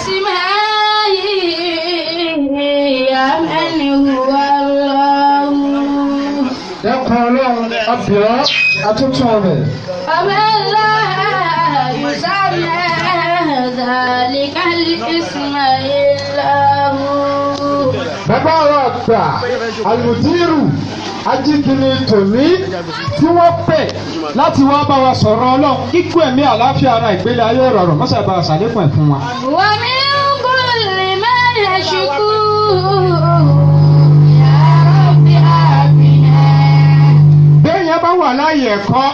أقسم هذه هي من هو الله يقول الله أبيض أتتوبة فما لا يسمى ذلك الاسم إلا هو بابا وقتا المدير أجدني توني tí wọ́n pè láti wá bá wa sọ̀rọ̀ ọlọ́run kíkú ẹ̀mí àlàáfíà ara ìgbélé ayé ìrọ̀rùn mọ́sẹ̀ bá a ṣàlékún ẹ̀ fún wa. wọ́n mi ń gùn lè má yẹ ṣùkú. béèyàn bá wà láàyè ẹ̀kọ́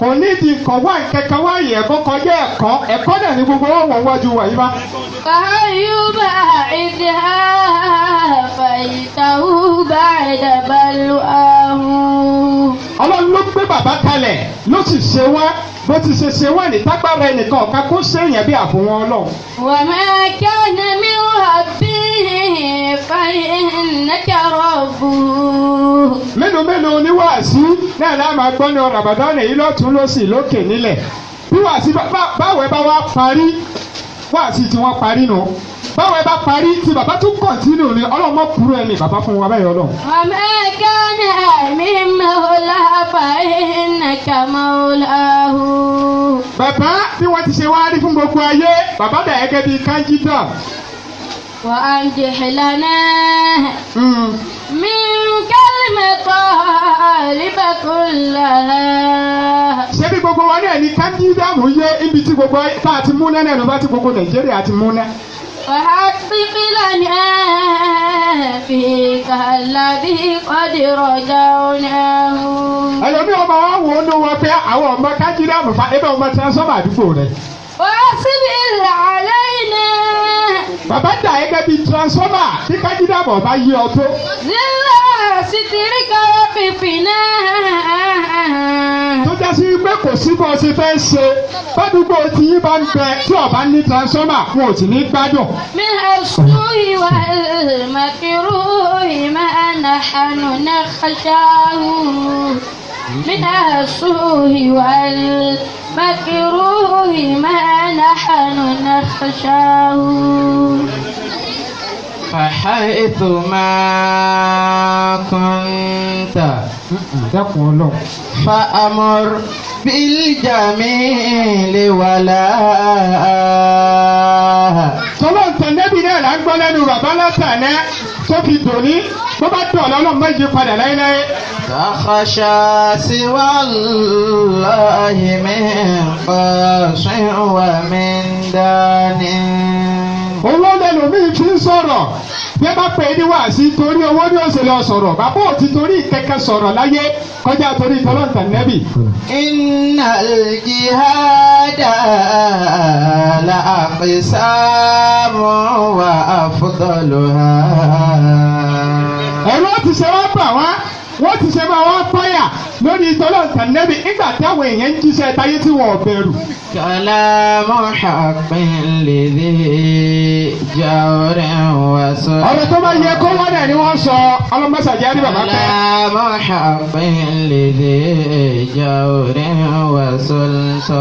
kò nídìí nǹkan wá kẹ̀kẹ́ wá yẹ ẹ̀kọ́ kọjá ẹ̀kọ́ ẹ̀kọ́ dẹ̀ ní gbogbo wọn wọ̀ wájú wa yìí bá. fàáyùbá ìdí àfàìtàwù bá ìdàbàlù àhùn ọlọ́run ló gbé bàbá kalẹ̀ ló sì ṣe wá bó ti ṣe ṣe wá ní tágbára ẹnìkan ọ̀ka kó sẹ́yìn bí àfọwọ́n ọlọ́run. wà á máa kí ọ̀nà mi wà bí fàyẹ̀nẹ́kẹ̀rọ̀bù. mélòó mélòó ni wàásù náà láà máa gbọ́ ní ọ̀rọ̀ àbàdàn èyí lọ́tún lọ́sì lókè nílẹ̀ bí wàásù báwo ẹ bá wá parí wàásù tí wọ́n parí nù. No báwo ẹ bá parí tí bàbá tún kọ̀ntínú ni ọlọ́run mọ̀ kúrò ẹni bàbá fún wa báyìí ọlọ́run. ọmọ ẹ̀ka ni àmì mọ́lá parí nàkà mọ́lá hù. bàbá bí wọ́n ti ṣe wá rí fún gbogbo ayé bàbá dà gẹ́gẹ́ bíi kánjídà. wà á jẹ ìlànà hmm. mi kálímẹ̀tọ̀ àlìbẹ̀kúnlá ṣebí gbogbo wa náà ni kájídà mú yé ibi tí gbogbo tá a ti mú náà náà bá ti gbogbo nàìjíríà ti mú náà. وحبب لنا فيك الذي قد رجعناه. ẹlòmíràn máa wò ó ní wọn pé àwọn ọmọ kájíríàmù fa ebe ọmọ tí wọn sọ máa dúpọ̀ rẹ bàbá dà gẹ́gẹ́ bíi transformer tí kájídàbọ̀ bá yí ọ tó. zero sitiri kọ́wọ́ fífi náà. tó jásí pé kò sí bó ṣe fẹ́ ṣe bádùúgbò tí yín bá ń bẹ tí ọba ní transformer wọn ò sì ní gbádùn. mi ha sùn ìwà ìmàkìrú ìmà àná ànú náà ṣááhù. من السوء والمكروه ما نحن نخشاه فحيث ما كنت فأمر بالجميل ولا tọ́lọ́ ntẹ̀ndẹ́bí náà là ń gbọ́ lẹ́nu bàbá látàná tó fi dòní bó bá dùn ọ̀nà ọlọ́mọ ìjì padà láéláé. kàkàṣà sí wà láàyè mi ń pa wà mí dání owó lẹ́lòmíì fi ń sọ̀rọ̀ bí ẹ bá pè é ní wàásì torí owó ní òsè lọ sọ̀rọ̀ bàbá ò ti torí kẹ̀kẹ́ sọ̀rọ̀ láyé kọjá torí tọ́lọ́ǹtà nẹ́bì. iná jihada la àfisáàmù wà àfọ́tọ̀lù ha. ẹ̀rọ ti ṣe wá bà wá wọ́n ti ṣe máa wá páyà lórí ìtọ́lọ̀ tànẹ́bì nígbà táwọn èèyàn ń jíṣẹ́ táyé tí wọ́n bẹ̀rù. kàlá mọ́ṣàpín lè dé wa sọ. ọ̀rọ̀ tó bá yẹ kó wọ́n dẹ̀ ni wọ́n sọ ọlọ́mọṣàjẹ́ rí bàbá kan. kàlá mọ́ṣàpín lè dé wa sọ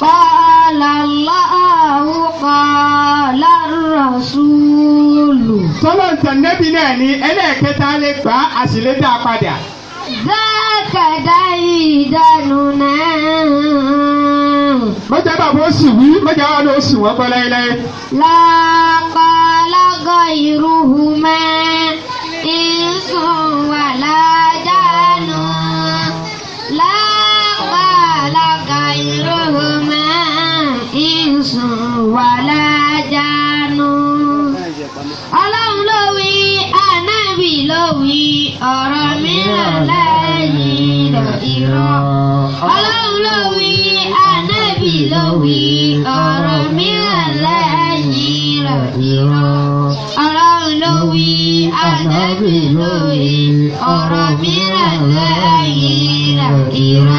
قال الله قال الرسول tọ́lọ̀ tànẹ́bí náà ni ẹlẹ́ẹ̀kẹta lè gbà á sì lè dá a padà. Zákàdá ìdánù náà. Mọ̀já bàbá ó sì wí, mọ̀já wà ló sì wọ́n pẹ́ ìsùn wàlá jánu. ọlọ́run ló wí ànábì ló wí ọ̀rọ̀ mìíràn lẹ́yìn rẹ̀ irọ́. ọlọ́run ló wí ànábì ló wí ọ̀rọ̀ mìíràn lẹ́yìn rẹ̀ irọ́. ọlọ́run ló wí ànábì ló wí ọ̀rọ̀ mìíràn lẹ́yìn rẹ̀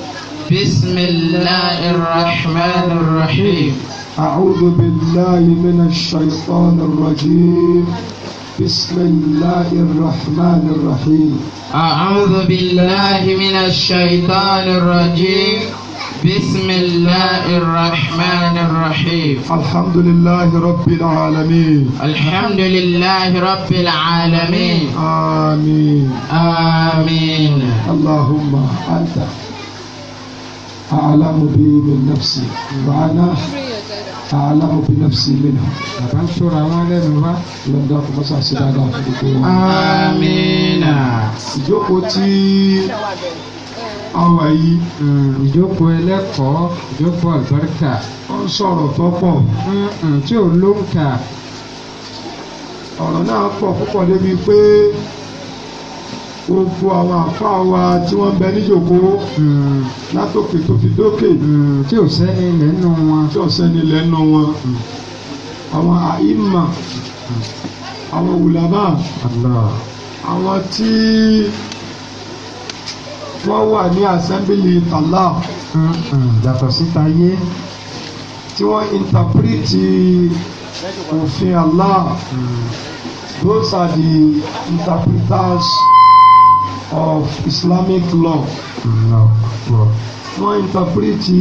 بسم الله الرحمن الرحيم أعوذ بالله من الشيطان الرجيم بسم الله الرحمن الرحيم أعوذ بالله من الشيطان الرجيم بسم الله الرحمن الرحيم الحمد لله رب العالمين الحمد لله رب العالمين آمين آمين اللهم أنت أعلم به من نفسي وأنا أعلم في نفسي منه أكان سورة وانا نوا لندق بس أسيدا آمين ìjókòó tí àwa yìí mm, ìjókòó ẹlẹ́kọ̀ọ́ ìjókòó àlùbáríkà ó ń sọ̀rọ̀ tó pọ̀ mm, mm, tí ò lóǹkà ọ̀rọ̀ náà pọ̀ púpọ̀ débi pé gbogbo àwọn àfáà wa tí wọ́n bẹ níjòkó hmm. látòkè tó dókè. Hmm. tí ò sẹ́ni lẹ́nu wọn. tí ò sẹ́ni lẹ́nu wọn. Hmm. àwọn àìmà àwọn wùlábà àwọn tí wọ́n wà ní assembly tàlà. yàtọ̀ síta yé. tí wọ́n interprete òfin Allah. Those are the interpreters of Islamic law. wọ́n ìntàpírìtì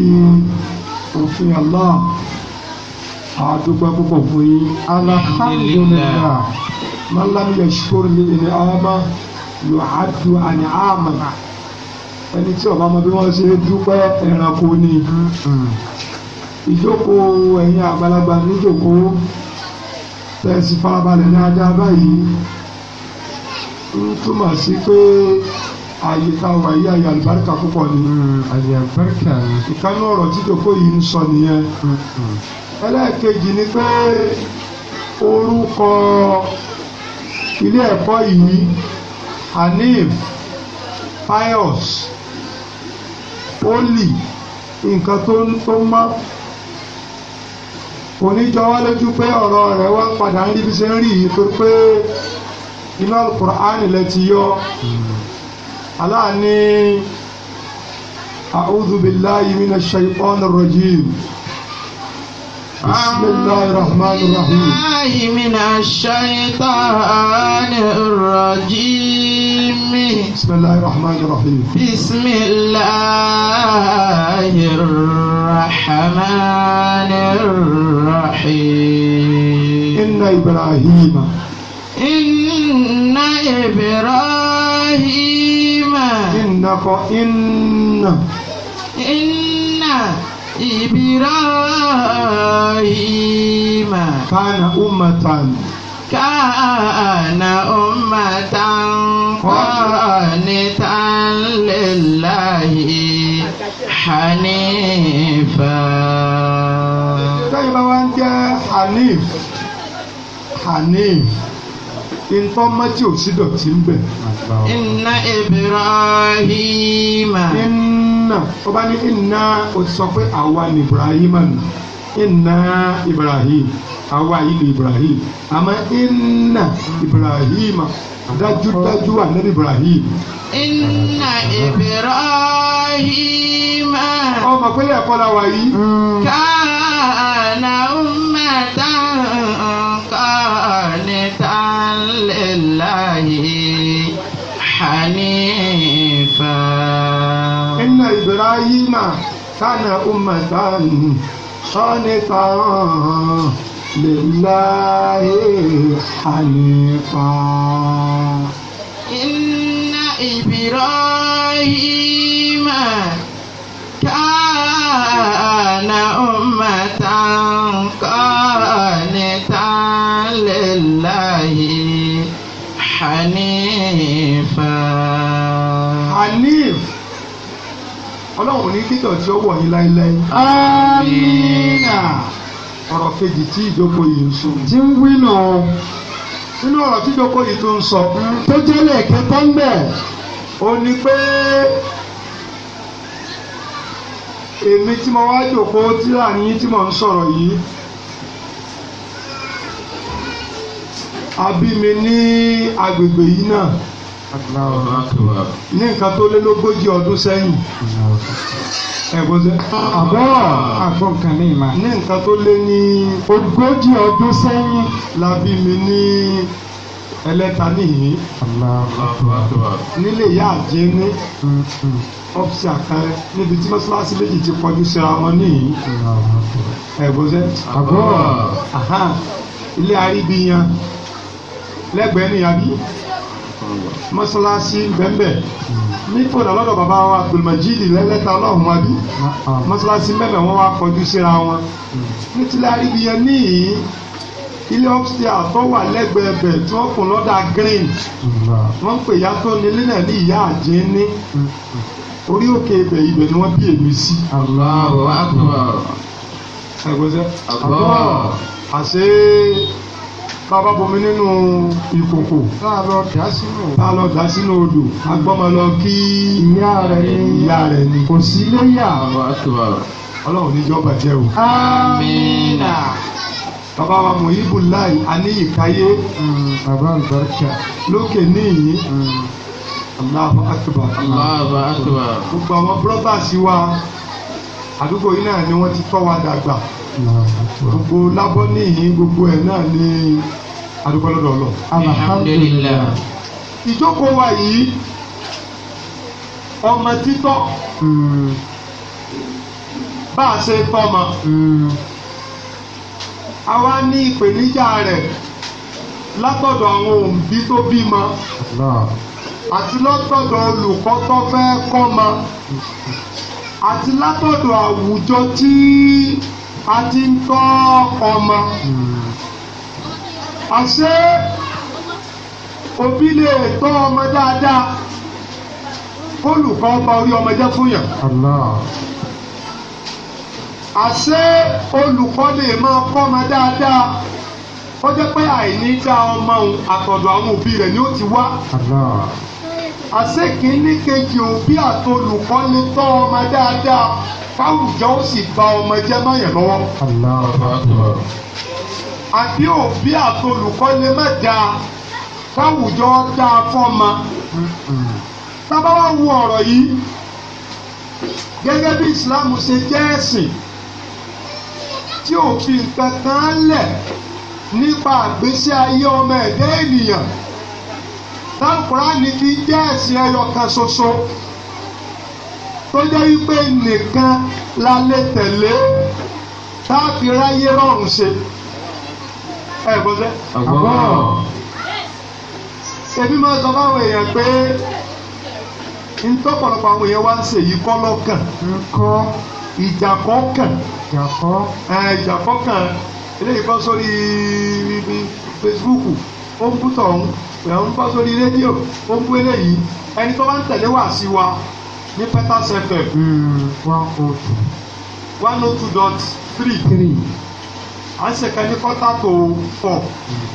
òfin Allah àdúgbò púpọ̀ fún yín alhamdulillah malami yashkur ní ilé ama yuhadu ani ama ẹni tí ọba ọmọ bí wọ́n ṣe dúpẹ́ ẹranko ni mm-hmm. ìjókòó ẹ̀yin àgbàlagbà níjókòó tẹ̀sí farabalẹ̀ ní ajá báyìí ń túmọ̀ sí pé ààyè tá a wà yí ààyè àlùbáríkà púpọ̀ ni. Mm, ààyè àlùbáríkà. ìkànnì ọ̀rọ̀ jíjòkó yìí ń sọ nìyẹn. Mm, mm. ẹlẹ́ẹ̀kejì ni pé orúkọ ilé ẹ̀kọ́ yìí hanif pius poli nǹkan tó ń tó mọ́ oníjọ́wọ́ lójú pé ọ̀rọ̀ rẹ̀ wá padà ń rí bí ṣe ń rí yìí pé pé. inú alukur'ani lẹ ti yọ aláàní a'udhu billahi minash shaytanir rajim. بسم الله الرحمن الرحيم الله من الشيطان الرجيم بسم الله الرحمن الرحيم بسم الله الرحمن الرحيم إن إبراهيم inna ibrahima. inna kọ inna. inna ibrahima. kana ummatan. كان أمة قانتا لله حنيفا tẹ́yìn bá wá ń jẹ́ hanif hanif ìfọ́mọ́ tí ò sí dọ̀tí ń bẹ̀. inna ibrahima. inna ọba ní inna o sọ pé àwa ni Ibrahim. nù inna ibrahim àwa yìí ni ibrahim àmọ́ inna Ibrahim. dájúdájú wà ní ibrahim. inna ibrahima. ọmọ pẹ̀lẹ́ ẹ̀kọ́ la wà yìí. káà náà. ibrahima kana ummatan qanitan lillahi hanifa. inna ibrahima kana ummatan qanitan lillahi hanifa. hanif ọlọ́run ní títọ̀ tí ó wọ̀ yín láéláé. amínà. ọ̀rọ̀ kejì tí ìjókòó yìí ń sọ. ti ń wí nù. nínú ọ̀rọ̀ tí ìjókòó yìí tó ń sọ. Hmm. tó jẹ́lẹ̀ kẹta ń bẹ̀. ó ní pé èmi tí mo wá jókòó tí láàrin yín tí mo ń sọ̀rọ̀ yìí. a mi ní agbègbè yìí náà ní nǹkan tó lé lógójì ọdún sẹ́yìn ẹ̀gbọ́nsẹ̀ àbọ̀ àgbọ̀nkàn ní ìmọ̀. ní nǹkan tó lé ní ogójì ọdún sẹ́yìn la bí mi ní ẹlẹ́ta nìyí nílé ìyá àjẹ́ ní ọ́fíìsì kan níbi tí mọ́ṣáláṣí méjì ti kọjú síra wọn nìyí ẹ̀gbọ́nsẹ̀ àbọ̀ ilé aríbi yan lẹ́gbẹ̀ẹ́ nìyàbí mọ́sálásí bẹ́ẹ̀ ní kódà lọ́dọ̀ bàbá wa Abdulmajid lẹ́lẹ́ta ọlọ́run wa bí ah, ah. mọ́sálásí bẹ́ẹ̀ wọ́n wá kọjú síra wọn ní tilẹ̀ àríbíyẹn níyì ilé upstairs tó wà lẹ́gbẹ̀ẹ́ bẹ̀ tí wọ́n kùn lọ́dà green ah. wọ́n pè ya nílé náà ní ìyá àjẹ́ orí òkè ibẹ̀ ibẹ̀ ni wọ́n bí èmi sí. Allahu Akbar. ẹgbẹ́ àbọ̀ àṣẹ bàbá bomi nínú ìkòkò tá a lọ dá sínú tá a lọ dá sínú odò agbọ́mọ lọ kí ìyá rẹ̀ ní ìyá rẹ̀ ní kò sí léyà ọlọ́run níjọ́ bàjẹ́ o. amiina bàbá wa muhibu lai aniyikaye bàbá mm. albarka lókè níyì mm. aláhu akbar aláhu akbar gbogbo àwọn búrọ́bà sí wa àdúgbò yìí náà ni wọ́n ti tọ́ wa dàgbà gbogbo lábọ́ níhìn gbogbo ẹ̀ náà ní adúgbòlódò lọ. alhamdulilayi. ìjókòó wa yìí ọmọ títọ́ bá a ṣe tọ́mọ a wá ní ìpèníjà rẹ̀ látọ̀dọ̀ àwọn òbí tó bímọ àti látọ̀dọ̀ olùkọ́ tó fẹ́ kọ́ mọ àti látọ̀dọ̀ àwùjọ tí. Tí a ti ń tọ́ ọmọ àṣé òbí lè tọ́ ọmọ dáadáa olùkọ́ bá orí ọmọ jẹ́ fún yàn. àṣé olùkọ́ lè máa kọ́ ọmọ dáadáa ó jẹ́ pé àìní dá ọmọ òun àtọ̀dọ̀ àwọn òbí rẹ̀ ni ó ti wá. àṣé kìíní kejì òbí àtolùkọ́ lè tọ́ ọmọ dáadáa fáwùjọ ó sì ba ọmọ jẹ́ báyẹn lọ́wọ́. àbí òbí àtolùkọ́ lè má da fáwùjọ dá fọ́mọ. tábà wá wo ọ̀rọ̀ yìí gẹ́gẹ́ bí Islam ṣe jẹ́ ẹ̀sìn tí ò fi lẹ̀ nípa àgbésí ayé ọmọ ẹ̀dá ènìyàn. Táwọn Kùránì fi jẹ́ ẹ̀sìn ẹyọ kan ṣoṣo tó jẹ́ wípé nìkan la lè tẹ̀lé tá a fi ráyé rọrùn ṣe ẹ gbọ́ sẹ́. èmi máa sọ fáwọn èèyàn pé ntọ́pọ̀lọpọ̀ àwọn èèyàn wá ń ṣe yìí kọ́ lọ́kàn nǹkan ìjàkọ́ kàn ìjàkọ́ kàn eléyìí bọ́ sórí Facebook ó ń bú tọ̀hún ẹ̀ ń bọ́ sórí rédíò ó ń bú eléyìí ẹni tó bá ń tẹ̀lé wá sí wa ní peters fm. Hmm, one oh two. one oh two dot three. three. à ń ṣèkan ní quarter to four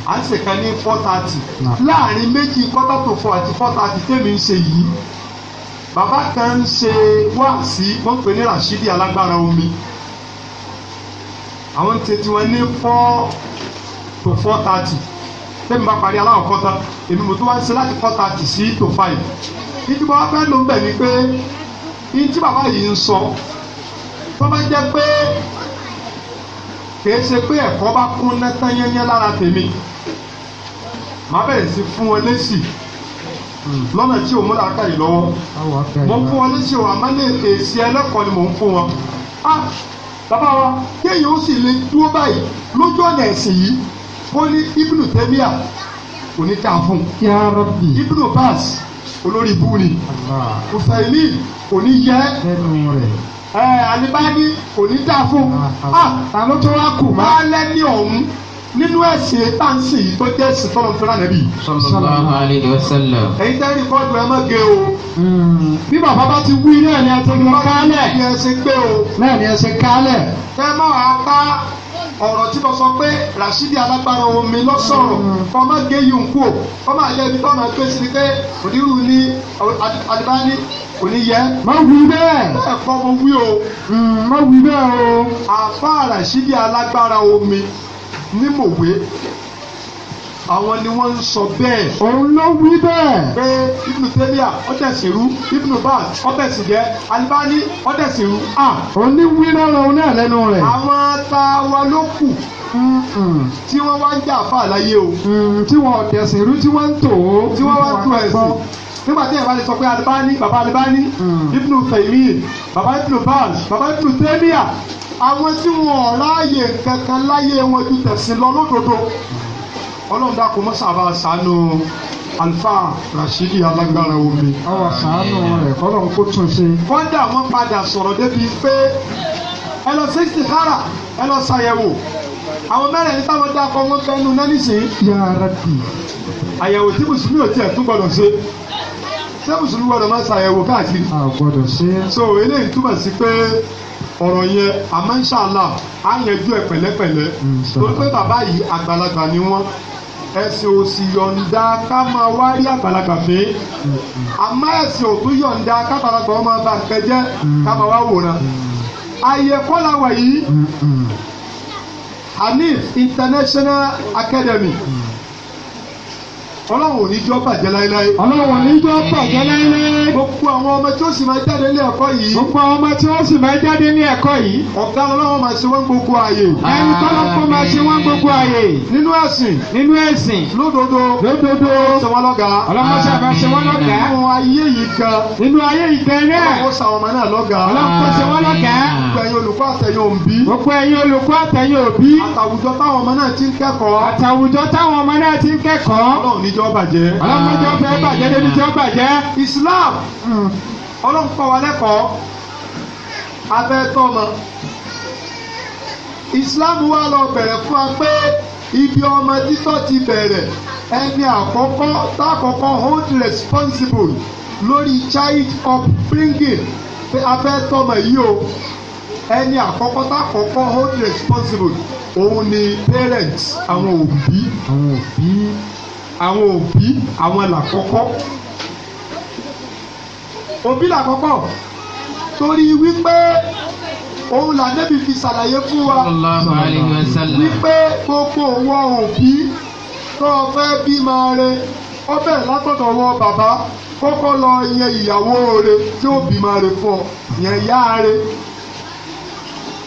à ń ṣèkan ní four thirty. láàrin méjì quarter to four àti four thirty tèmi ń ṣe yìí bàbá kan ń ṣe wáàsí wọ́n pè ní Rashidi alágbára omi àwọn ti tiwọn ní four to four thirty tèmi bá parí aláwọ̀ kọ́ta èmi mo tún wá ń ṣe láti four thirty sí to five ìdìbò wa fẹ́ ló ń bẹ̀ ni pé iye tí bàbá yìí ń sọ tó bá jẹ́ pé kìí ṣe pé ẹ̀kọ́ bá kún nẹ́tán yẹ́nyẹ́ lára tèmi màá bẹ̀rẹ̀ sí fún ọ lésì hmm, lọ́nà tí òun múra káyì lọ́wọ́ mo ń fún ọ lésì o àmọ́ ní èsì ẹlẹ́kọ̀ọ́ ni mò ń fún wọn. a ah, bàbá wa kéèyàn ó sì lè dúró báyìí lójú ọ̀nà ẹ̀sìn yìí ó ní ibùdó tẹ́míà kò ní ká fún ibùdó báàsì olórí ibú ni Mùsàlìmí kò ní yẹ ẹ Alibani kò ní dá fún àwọn ah, tó wá kù máa lẹ́ni ọ̀hún nínú ẹ̀sìn táǹsì yìí tó jẹ́ ẹ̀sìn tọ́lọ́ fẹ́ràn nàbí. sallallahu alaihi wasallam. ẹ̀yin tẹ́ rìkọ́dù ẹ má gé o. Hmm. bí bàbá bá ti wí náà ni ẹ ti gbé kálẹ̀. náà ni ẹ ti gbé o. náà ni ẹ ti kálẹ̀. ẹ má wàá ká ọ̀rọ̀ tí mo sọ pé Rashidi alágbára omi lọ sọ̀rọ̀ kọ́ má gé yìí ń kú o kọ́ má yẹ ibi tó máa gbé sí ni pé òdìrú ni Albani kò ní yẹ. má wí bẹ́ẹ̀. bẹ́ẹ̀ kọ́ mo wí o. Hmm, má wí bẹ́ẹ̀ o. àfa Rashidi alágbára omi ní mòwe àwọn ni wọ́n ń sọ bẹ́ẹ̀. òun ló wí bẹ́ẹ̀. pé ibùdó tẹ́lẹ̀ ọ̀tẹ̀sìrú ibùdó bá ọ̀tẹ̀sìjẹ́ alibani ọ̀tẹ̀sìrú. a oníwí lọ́rọ̀ oní àlẹ́nu rẹ̀. àwọn ta wa ló kù tí wọ́n wá ń jà fà láyé o. tí wọ́n ọ̀tẹ̀sìrú tí wọ́n ń tò ó. tí wọ́n wá ń tò ẹ̀sìn nígbà tí ẹ bá lè sọ pé alibani baba alibani mm. ibnu fẹmi baba ibnu baz baba ibnu tẹmíà àwọn tí wọn ò ráàyè kankan láyé wọn ju tẹsí lọ lódodo ọlọ́run dákun mọ́sá bá sànú alfa rasidi alágbára omi. ọwọ sànú rẹ kọlọ́run kó tún ṣe. kọ́ńdà wọn padà sọ̀rọ̀ débi pé ẹ lọ sí istikhara ẹ lọ ṣàyẹ̀wò àwọn mẹ́rin ní táwọn dákọ̀ wọn fẹ́ nu náà nísìn. yàrá bì. àyẹ̀wò tí mùsùlùmí ò tiẹ̀ tún gbọdọ̀ ṣe ṣé mùsùlùmí gbọdọ̀ máa ṣàyẹ̀wò káàkiri. a gbọdọ̀ ṣe. so eléyìí túmọ̀ sí pé ọ̀rọ̀ yẹn àmọ́ inshallah á yanjú ẹ̀ pẹ̀lẹ́pẹ̀lẹ́ torí pé bàbá yìí àgbàlagbà ni wọ́n ẹ̀sìn ò sì yọ̀ǹda ká máa wá rí àgbàlagbà fẹ́ àmọ́ ẹ̀sìn ò tún yọ̀ǹda ká àgbàlagbà wọn máa bà nǹkan ká máa wá wòran ayé kọ́lá wà yìí Hanif International Academy. Mm -hmm ọlọ́run ò ní jọ́ bàjẹ́ láéláé. ọlọ́run ò ní jọ́ bàjẹ́ láéláé. gbogbo àwọn ọmọ tí ó sì máa jáde ní ẹ̀kọ́ yìí. gbogbo àwọn ọmọ tí ó sì máa jáde ní ẹ̀kọ́ yìí. ọ̀gá ọlọ́run máa ṣe wọ́n gbogbo ààyè. ẹni tọ́lọ́pọ̀ máa ṣe wọ́n gbogbo ààyè. nínú ẹ̀sìn. nínú ẹ̀sìn. lódodo. lódodo. ṣe wọ́n lọ́gà. ọlọ́run ṣe wọ́n lọ́gà. nínú ayé yìí kan. nínú ayé yìí kan náà. ọlọ́run ṣe àwọn ọmọ náà lọ́gà. ọlọ́run ṣe wọ́n lọ́gà. gbogbo ẹ̀yin olùkọ́ àtẹ̀yin òbí. gbogbo ẹ̀yin olùkọ́ àtẹ̀yin òbí. àtàwùjọ táwọn ọmọ náà ti ń kẹ́kọ̀ọ́. àtàwùjọ tí ó bàjẹ́. ọlọ́run fẹ́ bàjẹ́ débi tí ó bàjẹ́. Islam hmm. ọlọ́run kọ́ wa lẹ́kọ̀ọ́ abẹ́ tọ́mọ. Islam wa lọ bẹ̀rẹ̀ fún wa pé ibi ọmọ títọ́ ti bẹ̀rẹ̀ ẹni àkọ́kọ́ táàkọ́kọ́ hold responsible lórí child upbringing pé abẹ́ tọ́mọ yìí o ẹni àkọ́kọ́ táàkọ́kọ́ hold responsible òun ni parents àwọn òbí. àwọn òbí àwọn òbí àwọn làkọ́kọ́ òbí làkọ́kọ́ torí wípé òun làdébí fi ṣàlàyé fún wa wípé gbogbo òwò òbí tó o fẹ́ bí máa re látọ̀dọ̀ wọ bàbá kọ́kọ́ lọ yẹ ìyàwó re tí ó bí máa re yẹn yá re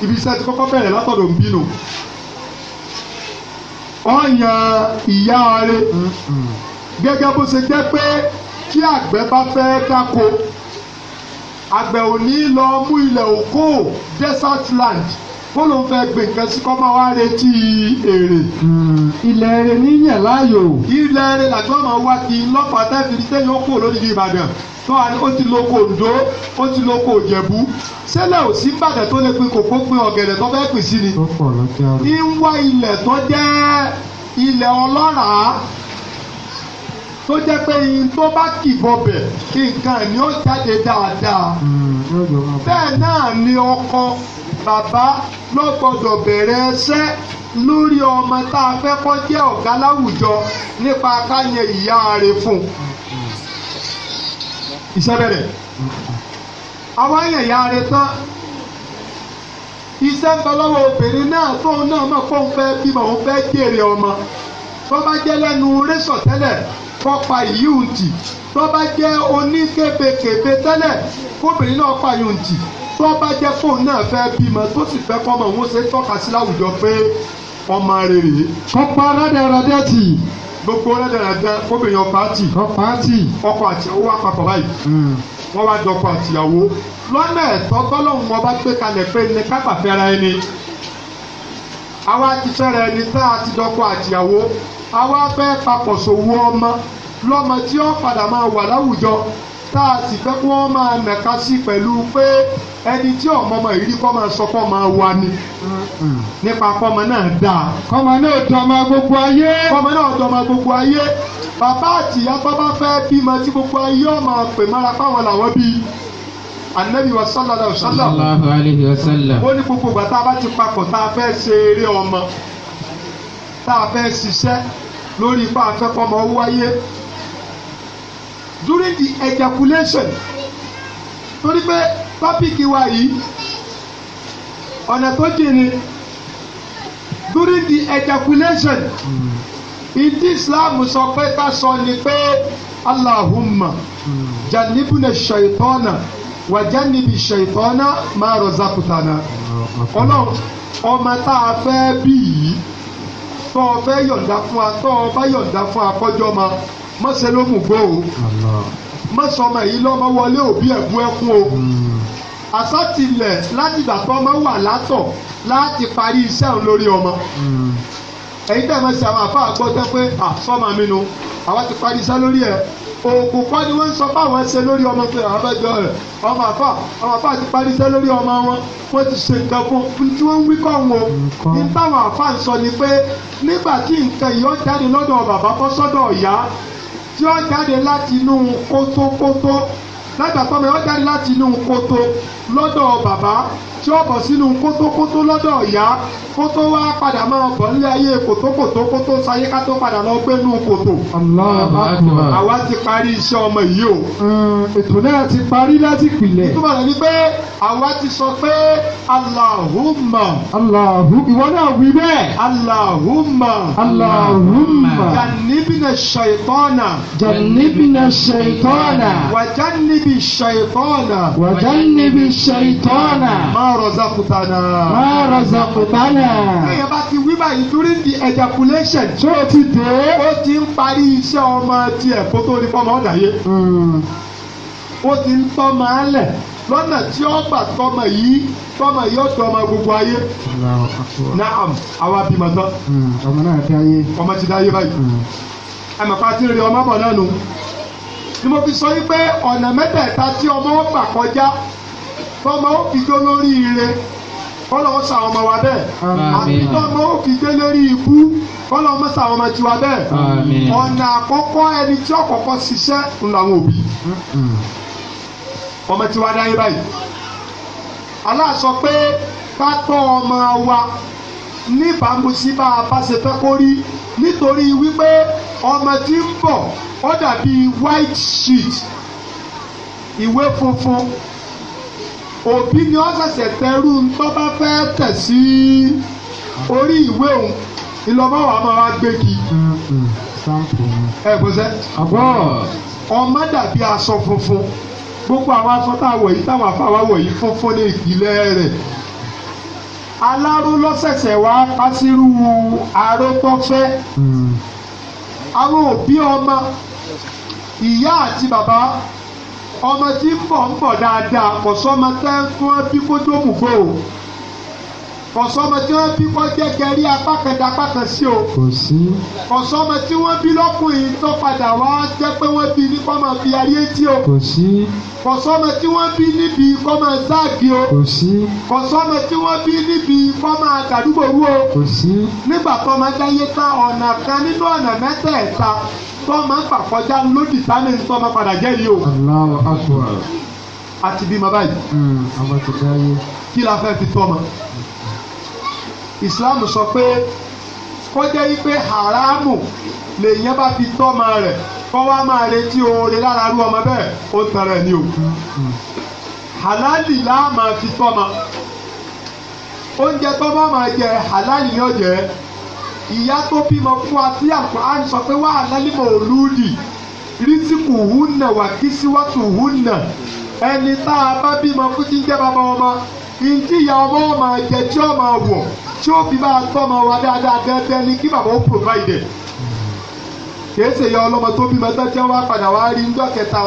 ibiṣẹ́ ti kọ́kọ́ bẹ̀rẹ̀ látọ̀dọ̀ ń bínú. No ọ̀yàn ìyá ọrẹ gẹ́gẹ́ bó ṣe jẹ́ pé tí àgbẹ̀ bá fẹ́ dáko àgbẹ̀ ò ní lọ mú ilẹ̀ òkó desert land bó ló ń fẹ́ gbé nǹkan sí kọ́ máa wá retí èrè. ilẹ̀ èrè níyàn láàyò. ilẹ̀ èrè làgbọ́n máa wá kí lọ́pàá tẹ́fìrí tẹ́yìn ó kúrò lórí Ìbàdàn tọ́wá ni ó ti lo ko Oǹdó ó ti lo ko Ìjẹ̀bú sẹ́lẹ̀ ò sí Ìbàdàn tó lè pin kòkó pin ọ̀gẹ̀dẹ̀ tó fẹ́ pin sí ni ní ń wá ilẹ̀ tó jẹ́ ilẹ̀ ọlọ́ràá tó jẹ́ pé yín tó bá kìbọ̀ bẹ̀ kí nǹkan ni ó jáde dáadáa. Hmm, bẹ́ẹ̀ náà ni ọkọ bàbá ló gbọ́dọ̀ bẹ̀rẹ̀ ẹsẹ́ lórí ọmọ tá a fẹ́ kọ́ jẹ́ ọ̀gá láwùjọ nípa ká yẹ ìyá rẹ̀ fún un iṣẹ́ bẹ̀rẹ̀ àwọn èèyàn ya rẹ tán iṣẹ́ ń bẹ lọ́wọ́ obìnrin náà tóun náà mọ̀ kóun fẹ́ bímọ òun fẹ́ jèrè ọmọ tó bá jẹ́ lẹ́nu rẹ́sọ̀ tẹ́lẹ̀ kọ́pa yìí tì tó bá jẹ́ oníkébékébé tẹ́lẹ̀ kóbìnrin náà pa yìí tì tó bá jẹ́ fóun náà fẹ́ bímọ tó sì fẹ́ kọ́ ọmọ òun ṣe tọ́ka sí láwùjọ pé ọmọ rere. kọ́pa rádaràdà tì í gbogbo ọlọ́dàdàdà kóbìnrin ọkọ àti ọkọ àti ọkọ àti ìyàwó wà papọ̀ báyìí hmm. wọ́n wá dọkọ àti ìyàwó lọ́nà ẹ̀tọ́ bọ́lọ́hún wọn bá gbé kalẹ̀ pé ní kápá fẹ́ra ẹni àwa ti fẹ́ra ẹni tá a ti dọkọ àti ìyàwó àwa fẹ́ papọ̀ sòwò ọmọ lọ́mọ tí ó padà máa wà láwùjọ tá a sì fẹ́ kí wọ́n máa nàka sí pẹ̀lú pé ẹni tí ọmọ ọmọ yìí rí kọ́ máa sọ kọ́ máa wa ni nípa kọ́mọ náà dà. kọ́mọ náà dọ́mọ gbogbo ayé. kọ́mọ náà dọ́mọ gbogbo ayé. bàbá àtìyá tó bá fẹ́ bímọ tí gbogbo ayé ọmọ pè mára fáwọn làwọn bí anabi wa sallallahu alaihi wa sallam ó ní gbogbo ìgbà tá a bá ti papọ̀ tá a fẹ́ ṣe eré ọmọ tá a fẹ́ ṣiṣẹ́ lórí ipa afẹ́kọ́mọ wáyé during the ejaculation torí pé tọ́pìkì wa yìí ọ̀nà tó ni during the ejaculation ìdí Islam sọ pé ká sọ ni pé Allahumma jannibuna shaitana wa jannibi shaitana ma razaqtana ọlọ́run ọmọ tá a fẹ́ bí yìí tọ́ ọ fẹ́ yọ̀ǹda fún wa tọ́ ọ bá yọ̀ǹda fún wa kọjọ́ ma mọ̀ṣẹ́ ló mú gbó o mọ̀ṣọ́ ọmọ yìí lọ́mọ wọlé òbí ẹ̀bú ẹ̀kún o. Hmm àsọtìlẹ̀ láti ìgbà tó ọmọ wà látọ̀ láti parí iṣẹ́ òun lórí ọmọ hmm. ẹ̀yin tẹ̀ mọ́ sí àwọn àfa àgbọ̀tẹ́ pé àfọ́mà mi nu àwọn ti parí iṣẹ́ lórí ẹ̀ oògùn kọ́ ni wọ́n ń sọ báwọn ṣe lórí ọmọ pé àwọn fẹ́ jọ rẹ̀ ọmọ àfa ọmọ àfa ti parí iṣẹ́ lórí ọmọ wọn wọ́n ti ṣe nǹkan fún tí wọ́n ń wí kọ́ wọn ní táwọn àfa ń sọ ni pé nígbà tí nǹkan yìí ó jáde lọ́dọ̀ bàbá kọ́ sọ́dọ̀ tí ó jáde láti inú kótókótó lágbàpọ̀ mi wọ́n jáde láti inú koto lọ́dọ̀ bàbá tí ó bọ̀ sínú kótókótó lọ́dọ̀ ìyá kó tó wá padà máa bọ̀ nílé ayé kòtókòtó kó tó sayé ká tó padà lọ gbé nú kòtò. àwa ti parí iṣẹ́ ọmọ yìí o. Hmm, ètò náà ti parí láti pìlẹ̀. ìtumọ̀ rẹ̀ ni pé àwa ti sọ pé Allahumma. Allahu ìwọ náà wí bẹ́ẹ̀. Allahumma. Allahumma. jannibina shaytana. jannibina shaytana. wa jannibi shaytana. wa jannibi shaytana. máa razaqtana. Má razaqtana. Ẹyẹ bá ti wí báyìí during the ejaculation. Ṣé o ti dé? Ó ti ń parí iṣẹ́ ọmọ tiẹ̀ kó tó ní fọmọ ọ̀dà yé. Hmm. Ó ti ń tọ́ máa lẹ̀ lọ́nà tí ó gbà tọmọ yìí tọmọ yìí ó tọ ọmọ gbogbo ayé. Naam, àwa bímọ tán. Hmm, ọmọ náà ti ayé. Ọmọ ti dá ayé báyìí. Hmm. Ẹ̀mọ̀ pa ti rí ọmọ bọ̀ náà nù. Ni mo fi sọ yí pé ọ̀nà mẹ́tẹ̀ẹ̀ta tí ọmọ gbà kọjá tọ́mọ ó fi gbé lórí ire kọ́lọ́wọ́ sọ àwọn ọmọ wa bẹ́ẹ̀ àti tọ́mọ ó fi gbé lórí ibú kọ́lọ́wọ́ sọ àwọn ọmọ tiwa bẹ́ẹ̀ ọ̀nà àkọ́kọ́ ẹni tí ó ṣiṣẹ́ ń òbí ọmọ tiwa dáyé báyìí Allah pé ká ọmọ wa níbàámu sí bá a bá ṣe fẹ́ kó rí nítorí wípé ọmọ tí ń bọ̀ ó dàbí white sheet ìwé funfun òbí ni ó ṣẹ̀ṣẹ̀ tẹrú tó bá fẹ́ tẹ̀ sí orí ìwé òun ìlọ́mọ wa máa wá gbé kí. ẹ kò sẹ́ ọmọ dàbí aṣọ funfun gbogbo àwọn aṣọ tá a wọ̀ yìí táwọn afáwa wọ̀ yìí funfun ní ìpìlẹ̀ rẹ̀ aláró lọ́sẹ̀sẹ̀ wá pásírù arótọ́fẹ́ àwọn òbí ọmọ ìyá àti bàbá ọmọ tí ń bọ̀ ń bọ̀ dáadáa kò sọ́mọ tẹ́ kí wọ́n bí kó dóòmù gbò ó kò sọ́mọ tí wọ́n bí kó jẹ́ gẹ̀rí apá kan da apá kan sí o kò sọ́mọ tí wọ́n bí lọ́kùnrin tó padà wá jẹ́ pé wọ́n bí ní kó máa fi ayé tí o kò sọ́mọ tí wọ́n bí níbi kó máa záàgì o kò sọ́mọ tí wọ́n bí níbi kó máa dàdúgbò wú o nígbà tó máa dáyé tán ọ̀nà kan nínú ọ̀nà mẹ́tẹ̀ẹ̀ta tó máa ń fà kọjá lódì sáré tó máa padà jẹ́ yìí o. Allahu Akbar. a ti bímọ báyìí. àwọn hmm, ti dá yé. kí la fẹ́ fi tọ́ ma. ìsìláàmù sọ pé kọjá yìí pé haramu lèyìn bá fi tọ́ ma rẹ̀ kọ́ wa máa retí oore lára rú ọmọ bẹ́ẹ̀ ó tẹ̀rẹ̀ ni o. Hmm, hmm. halali la máa fi tọ́ ma. oúnjẹ tó bá máa jẹ halali ni ó jẹ́ ìyá tó bímọ fún wa tí àkùrán sọ pé wà á lálímọ̀ òlúùdì rísíkù hùnà wà kí síwọ́tù hùnà ẹni tá a bá bímọ fún tí ń jẹ́ bàbá ọmọ ìdí ìyá ọmọ máa jẹ tí ó máa wọ̀ tí ó fi máa tọ́ ọmọ wa dáadáa dẹ́dẹ́ ni kí bàbá ó provide kìí ṣe ìyá ọlọ́mọ tó bímọ tán tí wọ́n padà wá rí ńjọ́ kẹta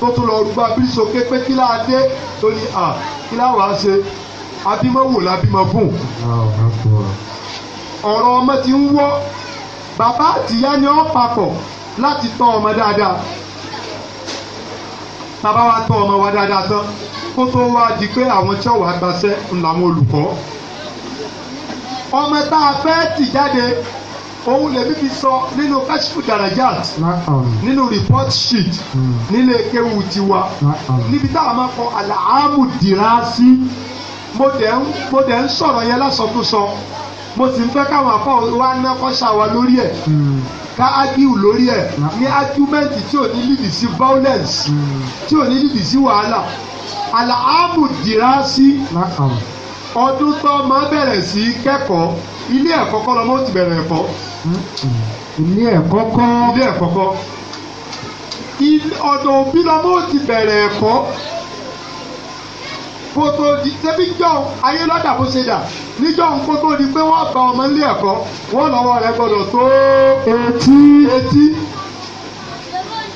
tó tún lọ rúgbà bíríṣọ képe kí láà dé tó ní à kí láà wá ṣe abímọ wò lábímọ fún ọ̀rọ̀ ọmọ ti ń wọ́ bàbá àtìyá ni ó papọ̀ láti tọ́ ọmọ dáadáa bàbá wa tọ́ ọmọ wa dáadáa tán kó tó wá di pé àwọn tí ọ̀wà gbaṣẹ́ ń làwọn olùkọ́ ọmọ tá a fẹ́ tì jáde òun lèmi fi sọ nínú kashfu darajat nínú report sheet nílé kéwu tiwa níbi tá a máa kọ àlàámù dìrá sí mo dẹ̀ ń sọ̀rọ̀ yẹn lásọkúsọ mo sì ń fẹ́ káwọn afọ wa ná kọ́ṣà wa lórí ẹ̀ hmm. ká ágíù lórí ẹ̀ hmm. ní ágíúmẹ́ǹtì tí ò ní lídì sí violence hmm. tí ò ní lídì sí wàhálà àlàámù dìrá sí ọdún tó máa bẹ̀rẹ̀ sí kẹ́kọ̀ọ́ ilé ẹ̀kọ́ kọ́ lọ́mọ́ ti bẹ̀rẹ̀ ẹ̀kọ́. ilé ẹ̀kọ́ kọ́. ilé ẹ̀kọ́ kọ́. ọ̀dọ̀ òbí lọ́mọ́ ti bẹ̀rẹ̀ ẹ̀kọ́ kó tó di ṣebí jọ ayé lọ́dà bó ṣe dà níjọ́ kó tó di pé wọ́n bá ọmọ nílé ẹ̀kọ́ wọ́n lọ́wọ́ rẹ̀ gbọ́dọ̀ tó etí etí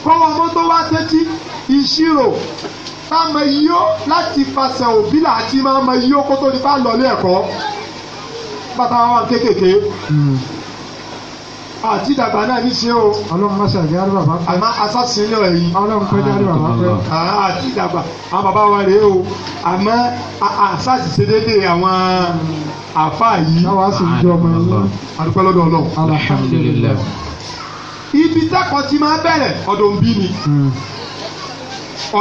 kọ́ ọmọ tó wá tẹ́tí ìṣirò ká mọ iyó láti pàṣẹ òbí làtí máa mọ iyó kó di bá lọ ilé ẹ̀kọ́ bàbá wa kéékèèké. Hmm àti dàgbà náà ní ṣe o. ọlọ́run máa ṣàjẹ́ àrí bàbá pẹ́. àmọ́ asásílẹ̀ rẹ̀ yìí. ọlọ́run pẹ́ jáde bàbá pẹ́. àti dàgbà àwọn bàbá wa rèé o àmọ́ àṣàṣìṣe déédéé àwọn àfa yìí. táwa sì ń jọ ọmọ yìí. àdúgbò lọ́dọ̀ ọlọ́run. alhamdulilayi. ibi dákọ̀ ti máa bẹ̀rẹ̀ ọ̀dọ̀ ń bí ni hmm.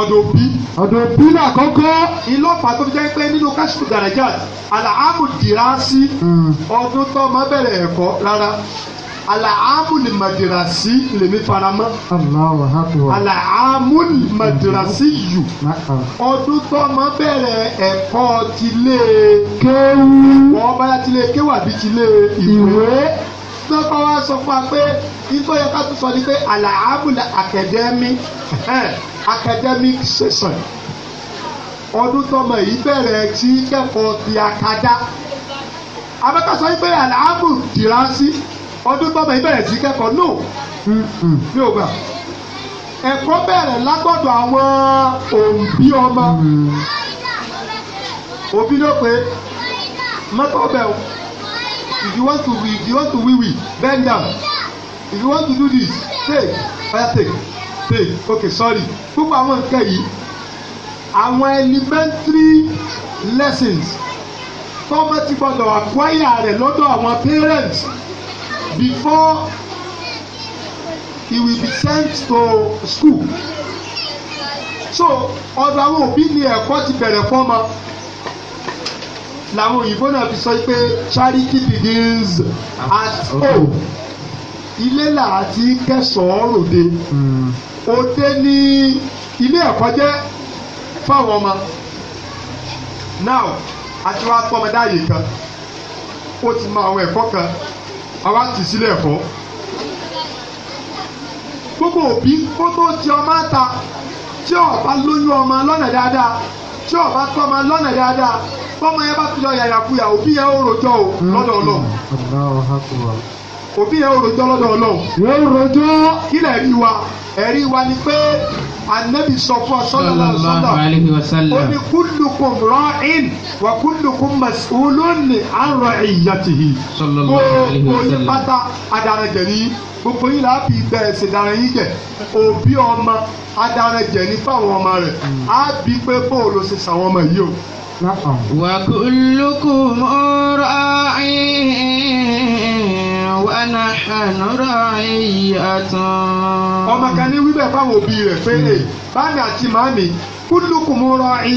ọdọ òbí. ọdọ òbí náà kọ́kọ́. ilé ọ̀pá tó fi jẹ́ pé nínú kásìkò dàrájà àlàámù dìrá sí ọdún tó máa bẹ̀rẹ̀ ẹ̀kọ́ rárá alaamuli madirasi lèmi faramọ́. alahu akbar. alaamuli madirasi yu. ọdún tó ọmọ bẹ̀rẹ̀ ẹ̀kọ́ tilé kéwú. wọ́n báyà tilé kéwú àbí tilé ìwé. tọ́kọ wa sọ fún wa pé ikọ́ yẹ ká tún sọ ni pé alaamuli akadẹ́mí academic session ọdún tọmọ yìí bẹ̀rẹ̀ sí kẹ́kọ̀ọ́ ti akadá abẹ́kọ̀sọ́ yìí pé alaamuli dirasi ọdún bàbá yìí bẹ̀rẹ̀ sí kẹ́kọ̀ọ́ no mi ò gbà ẹ̀kọ́ bẹ̀rẹ̀ lágbọ́dọ̀ àwọn òbí ọmọ mm-hmm. òbí ló pé mọ́tò ọbẹ̀ o if you want to if you want to we we bend down if you want to do this take fire take take okay sorry púpọ̀ àwọn nǹkan yìí àwọn elementary lessons tọ́mọ ti gbọ́dọ̀ acquire rẹ̀ lọ́dọ̀ àwọn parents before he will be sent to school so ọ̀dọ̀ àwọn òbí ni ẹ̀kọ́ ti bẹ̀rẹ̀ fọ́mọ làwọn òyìnbó náà fi sọ pé charity begins at home ilé là á ti kẹsàn-án ròde òde ní ilé ẹ̀kọ́ jẹ́ fáwọn ọmọ now àti wàá pọ́nmọdáyé kan ó ti mọ àwọn ẹ̀kọ́ kan àwa ń tì sílẹ̀ ẹ̀kọ́ gbogbo òbí kó tó ti ọmọ ta tí ọba lóyún ọmọ lọ́nà dáadáa tí ọba tọ́ ọmọ lọ́nà dáadáa tọ́mọ yẹn bá fi lọ yàyàkuyà òbí yẹn ó rojọ́ o hmm. lọ́dọ̀ Ọlọ́run òbí yẹn ó rojọ́ lọ́dọ̀ Ọlọ́run. yóò rojọ́. kílẹ̀ rí wa ẹ̀rí wa ni pé anabi sọ fún ọsọlọlọ ọsọlọ ó ní kúlùkùn rọ́ìn wà kúlùkùn mẹsùlùmí àrùn ìyàtìhì gbogbo yín pátá adarajẹ ní gbogbo yín láàbì bẹ ẹsẹ dára yín jẹ òbí ọmọ adarajẹ ní fáwọn ọmọ rẹ á bí pé bóòlù ṣe sàwọn ọmọ yìí o. wà kúlùkùn rọ́ìn. ونحن رعية. ọmọ kan ní wíbẹ̀ fáwọn òbí rẹ̀ pé báàmì àti màmí kúlùkùn mú rọ ẹ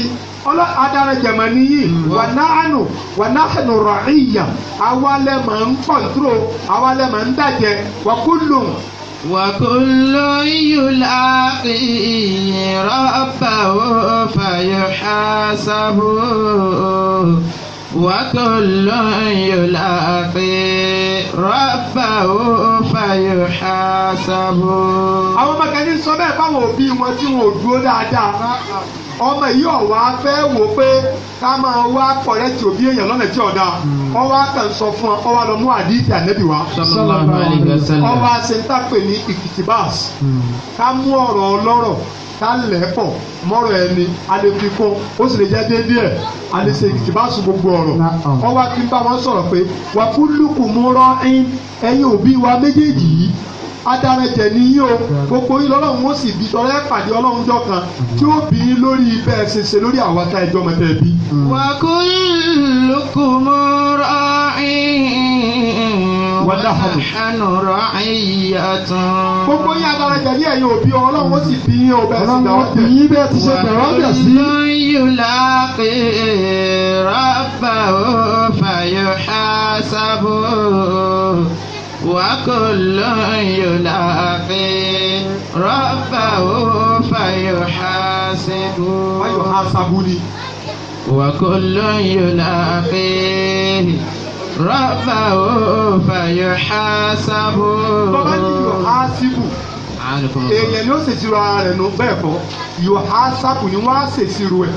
ọlọ adara jamani yìí wà mm. náhánu wà náhánu rọ̀ọ́yà àwa lẹ̀ máa ń kọ̀ntró àwa lẹ̀ ń dàjẹ́ wà kúlùn. وكل يلاقي ربه فيحاسبه وكل يلافي ربه فيحاسب. àwọn ọmọ kan ní sọ bẹ́ẹ̀ fáwọn òbí wọn tí wọn ò dúró dáadáa ọmọ yìí ọ̀wá fẹ́ wò pé ká máa wá kọ̀rẹ́ tí òbí èèyàn lọ́nà tí ọ̀dà ọwọ́ àtàn sọ fún ọ ọwọ́ lọ mú àdìsí ànẹ́bí wa ọwọ́ àṣẹ ní ìkìtìbáàsì hmm. ká mú ọ̀rọ̀ ọlọ́rọ̀ kálẹ̀ pọ̀ mọ́rọ̀ ẹni alẹ́fikún ó sì lè jẹ́ déédéé ẹ̀ bá sùn gbogbo ọ̀rọ̀ wá kí n bá wọn sọ̀rọ̀ pé wà fún lùkù mú wa méjèèjì yìí adarẹ̀jẹ̀ ni yín o gbogbo yín lọ́lọ́run ó sì bí tọ́lẹ́ pàdé ọlọ́run jọ kan tí ó bí lórí wọ́dáhùn. ànúrò ayé tán. gbogbo yín agbára jẹ̀bi ẹ̀yin òbí ọlọ́run ó sì bí yín o bẹ́ẹ̀ sì bẹ̀rọ̀ bẹ̀. yín bẹ́ẹ̀ ti ṣe bẹ̀rọ̀ bẹ̀ sí. wà á yóò láàpẹ̀ rọ́bà ó fàyọ̀ ṣáṣàbò wà kò lóyún láàpẹ̀ rọ́bà ó fàyọ̀ ṣáṣàbò. fàyọ̀ ṣáṣàbò ni. wà kò lóyún láàpẹ̀ rọ́bà ó fàyọ̀ hásábò. bọ́bá ní yọ̀ hásábò. èèyàn ni ó ṣèṣirò ara rẹ̀ nù bẹ́ẹ̀ kọ́ yóò ha sápò ni wọ́n á ṣèṣirò ẹ̀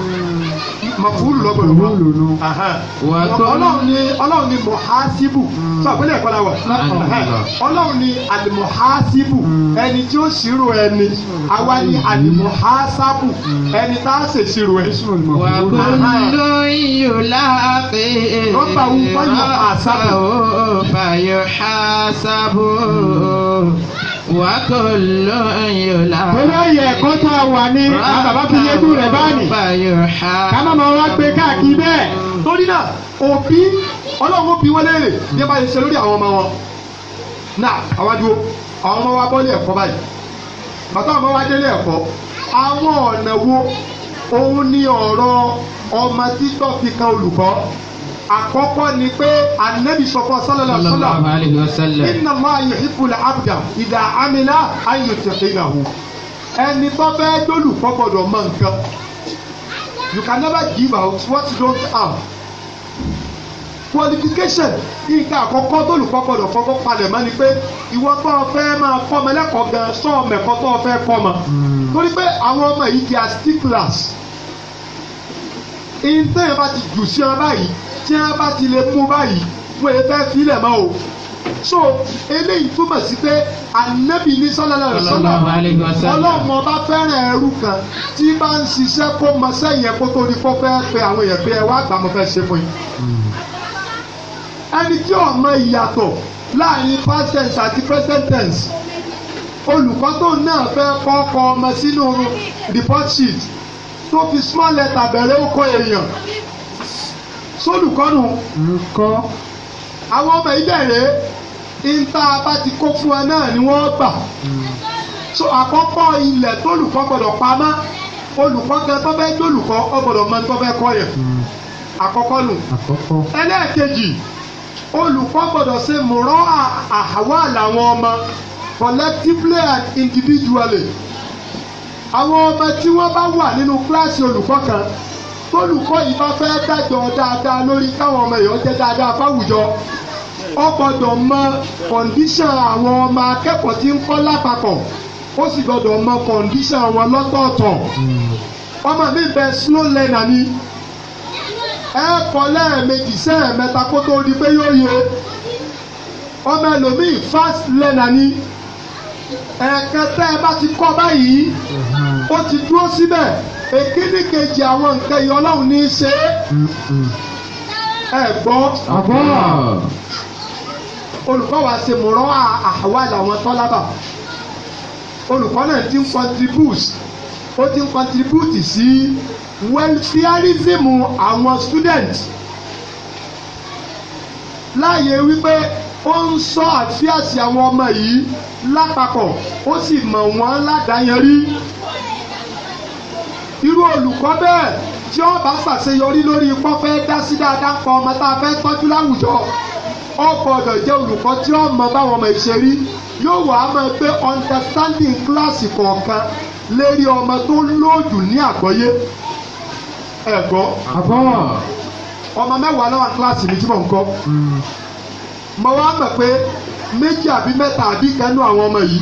mọ̀fúlù lọ́gbọ̀n lọ́wọ́ ọlọ́run ni ọlọ́run ni mọ̀hásíbù àpẹẹrẹ ẹ̀kọ́ la ọlọ́run ni hmm. ẹni tí ó ṣírò ẹni hmm. ni hmm. ẹni tá a ṣe ṣírò ẹ. wà kúndó iyò láàfin rọ́bà hásábù. wà á kọ́ lọ́yọ̀ la. torí àyè ẹ̀kọ́ tó a wà ní àbàbá fi yẹjú rẹ̀ báyìí ká má máa wá gbé káàkiri bẹ́ẹ̀. torí náà òbí ọlọ́run bí wọ́n léèrè bí wọ́n bá ṣe lórí àwọn ọmọ wọn. náà àwa dúró àwọn ọmọ wa bọ́ lé ẹ̀kọ́ báyìí bàtà ọmọ wa délé ẹ̀kọ́ àwọn ọ̀nà wo òun ni ọ̀rọ̀ ọmọ títọ́ fi kan olùkọ́ àkọ́kọ́ ni pé anabi sọ̀kọ́ sallallahu alaihi wasallam inna Allaha yuhibbul abda idha amila an yutqinahu ẹni tó fẹ́ dólùkọ́ gbọ́dọ̀ mọ nǹkan you can never give out what you don't have qualification nǹkan àkọ́kọ́ tó olùkọ́ gbọ́dọ̀ fọ́kọ́ palẹ̀ mọ́ ni pé ìwọ tó o fẹ́ máa kọ́ ọmọ ẹlẹ́kọ̀ọ́ gan sọ ọmọ ẹ̀kọ́ tó o fẹ́ kọ́ ọmọ hmm. torí pé àwọn ọmọ yìí di asticlers ìntẹ́yìn bá ti jù sí ọ báyìí tí wọ́n bá ti lè mú báyìí wọ́n lè fẹ́ filẹ̀ mọ́ o so eléyìí túmọ̀ sí pé anabi ní sọ́lá sọ́lá ọlọ́run ọba fẹ́ràn ẹrú kan tí bá ń ṣiṣẹ́ kó mọṣẹ́ yẹn kó tó ní kó fẹ́ fẹ́ àwọn èèyàn pé ẹ wá gbà mo fẹ́ ṣe fún yín ẹni tí ọmọ ìyàtọ̀ láàrin past tense àti present tense olùkọ́ tó náà fẹ́ kọ́ ọkọ ọmọ sínú report sheet tó fi small letter bẹ̀rẹ̀ ó kọ èèyàn sólùkọ́nù nǹkan àwọn ọmọ yìí bẹ̀rẹ̀ níta bá ti kó fún ẹ náà ni wọ́n gbà so àkọ́kọ́ ilẹ̀ tólùkọ́ gbọ́dọ̀ pamọ́ olùkọ́ kan tó fẹ́ jólùkọ́ ọ gbọ́dọ̀ mọ tó fẹ́ kọ́ yẹn hmm. àkọ́kọ́ nù ẹlẹ́ẹ̀kejì olùkọ́ gbọ́dọ̀ ṣe mọ̀rọ́ àwa làwọn ọmọ collectively and individually àwọn ọmọ tí wọ́n bá wà nínú kíláàsì olùkọ́ kan tólùkọ́ yìí bá fẹ́ dájọ́ dáadáa lórí káwọn ọmọ èèyàn jẹ́ dáadáa fáwùjọ ó gbọ́dọ̀ mọ kọ̀ǹdíṣàn àwọn ọmọ akẹ́kọ̀ọ́ tí ń kọ́ lápapọ̀ ó sì gbọ́dọ̀ mọ kọ̀ǹdíṣàn wọn lọ́tọ̀ọ̀tọ̀ ọmọ mi bẹ slow learner ni ẹ kọ́ lẹ́ẹ̀mejì sẹ́ẹ̀mẹ́ta kó tó di pé yóò yẹ ọmọ ẹlòmíì fast learner ni ẹ̀ẹ̀kan tẹ́ ẹ bá ti kọ́ báyìí ó ti dúró síbẹ̀ èkíní kejì àwọn nǹkan yìí ọlọ́run ní í ṣe é ẹ gbọ́ olùkọ́ wa ṣe mọ̀rọ́ àwa làwọn tọ́lábà olùkọ́ náà ti ń contribute ó ti ń contribute sí welfareism àwọn student láàyè wípé ó ń sọ àfíàsì àwọn ọmọ yìí lápapọ̀ ó sì mọ̀ wọ́n ládàáyanrí irú olùkọ́ bẹ́ẹ̀ tí ó bá ṣàṣeyọrí lórí ipò fẹ́ dá sí dáadáa kan ọmọ tá a fẹ́ tọ́jú láwùjọ ó gbọ́dọ̀ jẹ́ olùkọ́ tí ó mọ báwọn ọmọ ìṣerí yóò wá máa gbé understanding kíláàsì kọ̀ọ̀kan lérí ọmọ tó lóòjù ní àgbọ́yé ẹ̀gbọ́ ọmọ mẹ́wàá ló wà kíláàsì mi tí mò ń kọ́ hmm. mo wá mọ̀ pé méjì àbí mẹ́ta àbí kanú àwọn ọmọ yìí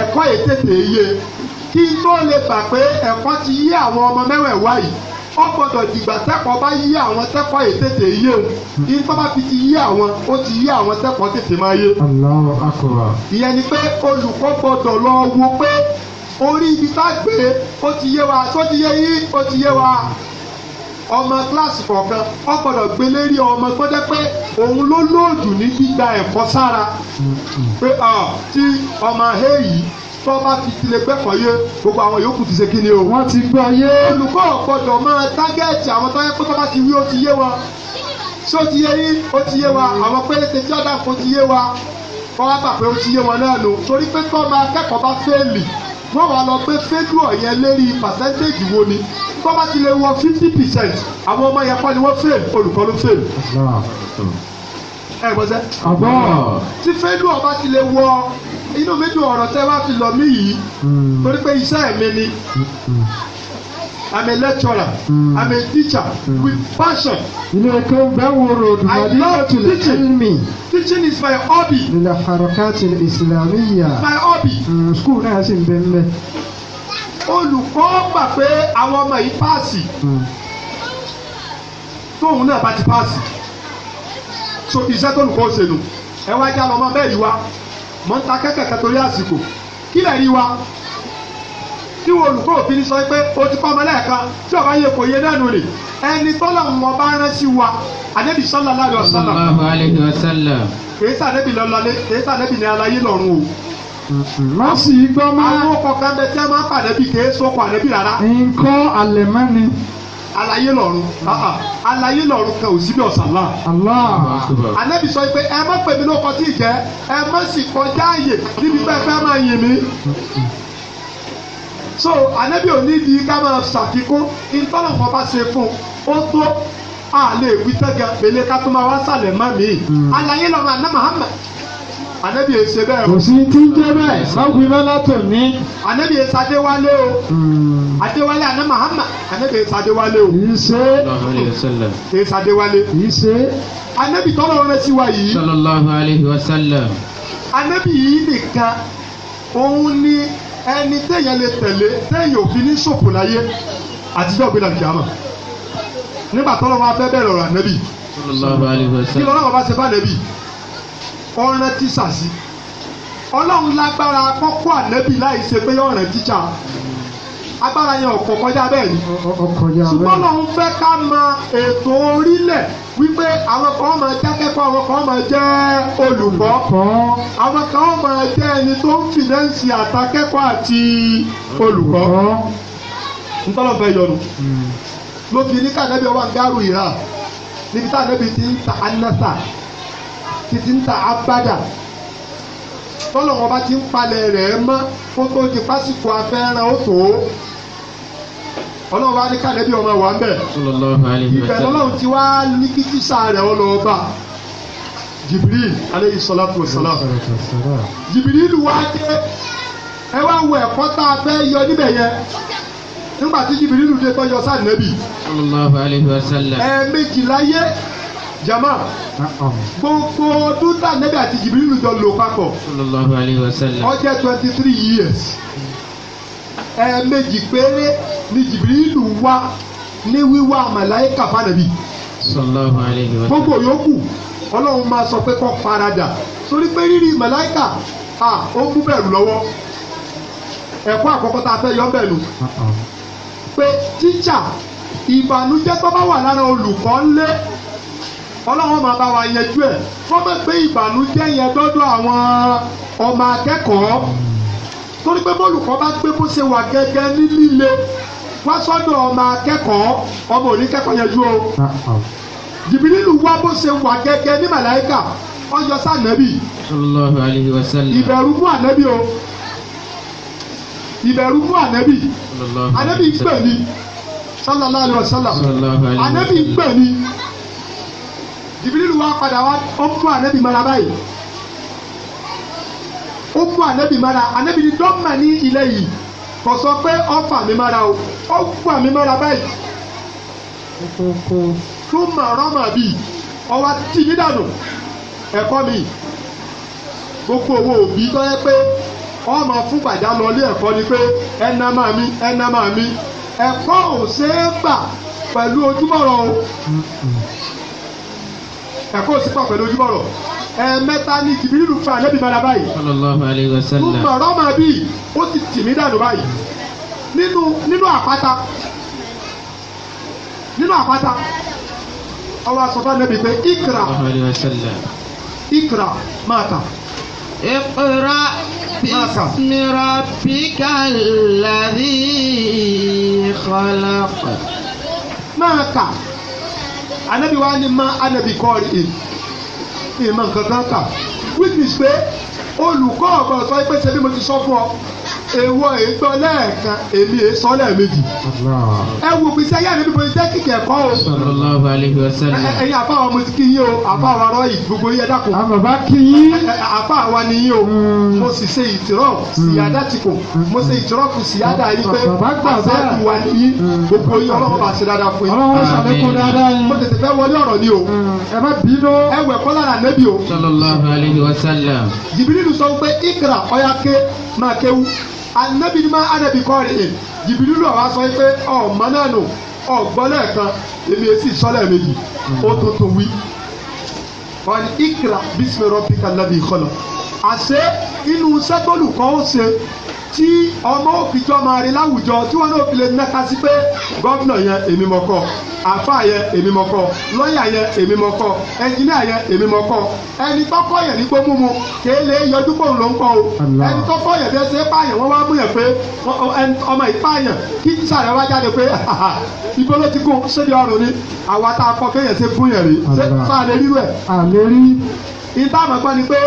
ẹ̀kọ́ ètètè kí n tó lè gbà pé ẹ̀kọ́ ti yí àwọn ọmọ mẹ́wẹ̀ẹ̀wá yìí ó gbọ́dọ̀ dìgbà tẹ́kọ̀ọ́ bá yí àwọn tẹ́kọ̀ọ́ yìí tètè yé o kí n tó bá fi ti yí àwọn ó ti yí àwọn tẹ́kọ̀ọ́ tètè máa yé. Allahu akbar. ìyẹn ni pé olùkọ́ gbọ́dọ̀ lọ wo pé orí ibi tá a gbé ó ti yé wa tó ti yé yín ó ti yé wa ọmọ kíláàsì kọ̀ọ̀kan ó gbọ́dọ̀ gbé lérí ọmọ tó jẹ́ pé òun ló lóòjù ní gbígba ẹ̀kọ́ sára mm-hmm. pé ah, tí ọmọ hẹ́ẹ̀ yìí sọ́ba ti ti lè gbẹ́kọ̀ọ́ yé gbogbo àwọn yòókù ti ṣe kí ni o. wọ́n ti gbọ́ yé. olùkọ́ gbọ́dọ̀ máa tágẹ́ẹ̀tì àwọn tó yẹ pé tọ́ba ti wí ó ti yé wa ṣé ó ti yé yín ó ti yé wa àwọn péréte tí ọ̀dà kò ti yé wa kọ́ wá gbà pé ó ti yé wọn náà nù torí pé tọ́ máa kẹ́kọ̀ọ́ bá fẹ́ẹ̀lì wọ́n wá lọ pé fẹ́dúọ̀ yẹn lérí pàṣẹ́ntéèjì wo ni tó bá ti lè wọ fifty percent àwọn ọmọ yẹn kọ́ ni wọ́n fẹ́ẹ̀lì olùkọ́ ló fẹ́ẹ̀lì ẹ gbọ́dọ̀ tí fẹ́lú ọba ti lè wọ inú mi dùn ọ̀rọ̀ tẹ́ wá fi lọ mí yìí hmm. torí pé iṣẹ́ mi ni hmm, hmm. I'm a lecturer. Mm. I'm a teacher mm. with passion. Inú ẹ̀kọ́ gbẹ́wòrò Dùmọ̀dínlọ́tì lẹ́lmi. Teaching Teaching is my hobby. Lílà Harakati Ìsìlámíyà. My hobby. School náà sì ń bẹ mbẹ. Olùkọ́ gbà pé àwọn ọmọ yìí páàsì. Tóun náà bá ti páàsì. So iṣẹ́ tó lùkọ́ ṣe nù. Ẹ wá já lọ mọ bẹ́ẹ̀ yìí wá mọ̀ ń ta kẹ́kẹ̀kẹ́ torí àsìkò kí lè rí wa tí wọn olùkọ́ òfin ní sọ pé o ti kọ́ ọmọ lẹ́ẹ̀kan tí ọba yẹ kò yẹ nánu rè ẹni tọ́lọ̀ wọn bá rántí wa ànábì sallallahu alaihi wasallam. kìí sànẹ́bì lọ́lọ́lé kìí sànẹ́bì ní alayé lọ́rùn o. má sì í gbọ́ máa. àwọn ọkọ̀ kan bẹ tẹ́ máa pàdébì kìí sọ́kọ̀ ànẹ́bì rárá. nǹkan àlẹ́ mẹ́ni alayé lọ́run alayé lọ́run kan ò sí bí ọ̀sán náà. Ànábì sọ pé ẹ má pè mí lóko tí ì jẹ́ ẹ má sì kọjá àyè níbi pé máa yìn mí. so Ànábì ò ní di ká máa ṣàfikún ìtọ́lọ̀fọ́ bá ṣe fún un ó tó a lè wí tẹ́gà pèlè ká tó máa wá sàlẹ̀ mọ́ mi. alayé hmm. lọ́run àná anabi ese bẹ́ẹ̀. kò sí ti ń jẹ́ bẹ́ẹ̀ báwo ibà látọ̀ ní. anabi ese adéwálé o. Hmm. adéwálé ana Muhammad anabi ese adéwálé o. kìí ese adéwálé. kìí anabi tọ́lọ̀ rẹ̀ sí wa yìí. sallallahu alayhi wa sallam. anabi yìí nìkan òun ni ẹni téèyàn lè tẹ̀lé téèyàn òfin ní ṣòfò láyé àtijọ́ òbí làbìjà mọ̀ nígbà tọ́lọ̀ wa fẹ́ bẹ̀rẹ̀ ọ̀rọ̀ anabi. sallallahu alayhi wa sallam. kí lọ́lọ́wọ́ bá ṣe bá anabi ọ̀ràn tíṣà sí ọlọ́run lágbára kọ́kọ́ ànẹ́bì láì ṣe pé ọ̀ràn tíṣà agbára yẹn ọ̀pọ̀ kọjá bẹ́ẹ̀ ni ṣùgbọ́n lòun fẹ́ ká mọ ètò orílẹ̀ wípé àwọn kan máa jẹ́ akẹ́kọ̀ọ́ àwọn kan máa jẹ́ olùkọ́ àwọn kan máa jẹ́ ẹni tó ń fìnẹ́ǹsì àtàkẹ́kọ̀ọ́ àti olùkọ́ ntọ́lọ́fẹ́ yọnu ló hmm. fi ní ká ànẹ́bì ọwọ́ àgárù ìhà níbi tá ànẹ́bì ti ń ta anásà títí ń ta abada tọ́lọ́wọ́n bá ti ń palẹ̀ rẹ̀ mọ́ kó tó di pásìkò afẹ́ràn ó tó ọlọ́run bá ní kànẹ́bí ọmọ wa ń bẹ̀ ìbẹ̀rẹ̀ ọlọ́run ti wá ní kí rẹ̀ ó lọ bá Jibril aleyhi salatu wa salam Jibril wá dé ẹ wá wo ẹ̀kọ́ tá a fẹ́ yọ níbẹ̀ yẹn nígbà tí Jibril dé tó yọ sáà nẹ́bì ẹ̀ẹ̀mejì láyé jama gbogbo ọdún tá nẹ́bí àti jìbìrìlù jọ lò papọ̀ sallallahu alaihi wasallam ó jẹ́ twenty three years ẹ̀ẹ̀mejì péré ni jìbìrìlù wá ní wíwá màláíkà fànàbí sallallahu alaihi wasallam gbogbo yòókù ọlọ́run máa sọ pé kó faradà sórí pé rírì màláíkà ó mú bẹ̀rù lọ́wọ́ ẹ̀kọ́ àkọ́kọ́ tá a fẹ́ yọ bẹ̀rù pé tíṣà ìbànújẹ́ tó bá wà lára olùkọ́ ńlẹ́ ọlọ́run máa bá wa yanjú ẹ̀ wọ́n mọ̀ pé ìbànújẹ́ yẹn dọ́dọ̀ àwọn ọmọ akẹ́kọ̀ọ́ torí pé bọ́ọ̀lùkọ́ bá gbé bó ṣe wà gẹ́gẹ́ ní líle wá sọ́dọ̀ ọmọ akẹ́kọ̀ọ́ ọmọ òní kẹ́kọ̀ọ́ o jìbìlìlù wá bó ṣe wà gẹ́gẹ́ ní màláìkà ọjọ́ sànẹ́bì ìbẹ̀rù fún ànẹ́bì o ìbẹ̀rù fún ànẹ́bì ànẹ́bì ń pè ní sallallahu alaihi wasallam ànẹ́bì ń pè ní jìbìrìlù wa padà wá ó mú ànábì mara báyìí ó mú ànábì mara ànábì ni dọ́mà ní ilẹ̀ yìí kò sọ pé ọ̀fà mi mara o ó fà mí mara báyìí tó mà rọ́mà bì ọwọ́ tì mí dànù ẹ̀kọ́ mi gbogbo owó òbí tó yẹ pé ọmọ fún bàjá lọ ilé ẹ̀kọ́ ni pé ẹ̀nà máa mi ẹ̀nà máa mi ẹ̀kọ́ ò ṣeé gbà pẹ̀lú ojúmọ̀rọ̀ o ẹ̀kọ́ òsì pọ̀ pẹ̀lú ojúbọ̀rọ̀ ẹ̀ẹ̀mẹ́ta ni jìbìrìlù fa ànábì mara báyìí. sallallahu alaihi wasallam. mo mọ̀ ọ́rọ́ màá bíi ó ti tì mí dànù báyìí nínú nínú àpáta nínú àpáta ọwọ́ asọ̀fà nẹ́bi pé ikra ikra máa tà. اقرأ باسم ربك الذي خلق. máa anabi wa ni ma anabi kọ́ọ̀rì ì ìmọ̀ nǹkan kan kà which is pé olùkọ́ ọ̀gbọ̀n sọ pé ṣe bí mo ti sọ fún ọ èwo èso lẹ́ẹ̀kan èmi èso lẹ́ẹ̀mejì. ẹ wo gbèsè ayé àná bíbo iṣẹ́ kíkẹ́ ẹ̀kọ́ o. sallallahu alaihi wasallam. ẹyin àfa àwọn ọmọ ti kí yín o àfa àwọn arọ yìí gbogbo yẹn dàkún. àbàbà kí yín. àfa àwa ni yín o. Hmm. mo sì ṣe ìtìrọ̀ síyáda hmm. ti kò mo ṣe ìtìrọ̀ kù síyáda yìí pé àṣáájú wa ni yín hmm. gbogbo yín ọlọ́wọ́ bá ṣe dáadáa fún yín. ọlọ́wọ́ ṣàlékún dáadáa yín. mo tètè fẹ́ wọlé ọ̀rọ̀ ni o. ẹ má bí lọ. ẹ wẹ̀ kọ́ lára nẹ́bí o. sallallahu alaihi wasallam. jìbìrì anabi ni ma anabi kọ́ rè é jìbìlì lọ wá sọ pé ọmọ náà nù ọgbọ́n lẹ́ẹ̀kan èmi èsì sọ́lẹ̀ méjì ó tó tó wí. wọ́n ní ikra bísí mi rọ́bì kan náà bí ìkọlọ̀ àṣẹ inú sẹ́tọ́lù kan ó ṣe tí ọmọ òfìjọ máa rí láwùjọ tí wọn náà fi lè mẹ́ta sí pé gómìnà yẹn èmi mọ̀ kọ àfà yẹn èmi mọ̀ kọ lọ́ọ̀yà yẹn èmi mọ̀ kọ yẹn èmi mọ̀ ẹni tọ́kọ̀ yẹn ní pé múmu kèé yọjú pòun ló ń kọ o ẹni tọ́kọ̀ yẹn bí ṣe pààyàn wọ́n wá mú yẹn pé ọmọ ìpààyàn kí sàrẹ̀ wá jáde pé ibo ló ti kún ṣébi ọrùn ni àwa tá a kọ kéèyàn ṣe fún yẹn rí sáà lè àlè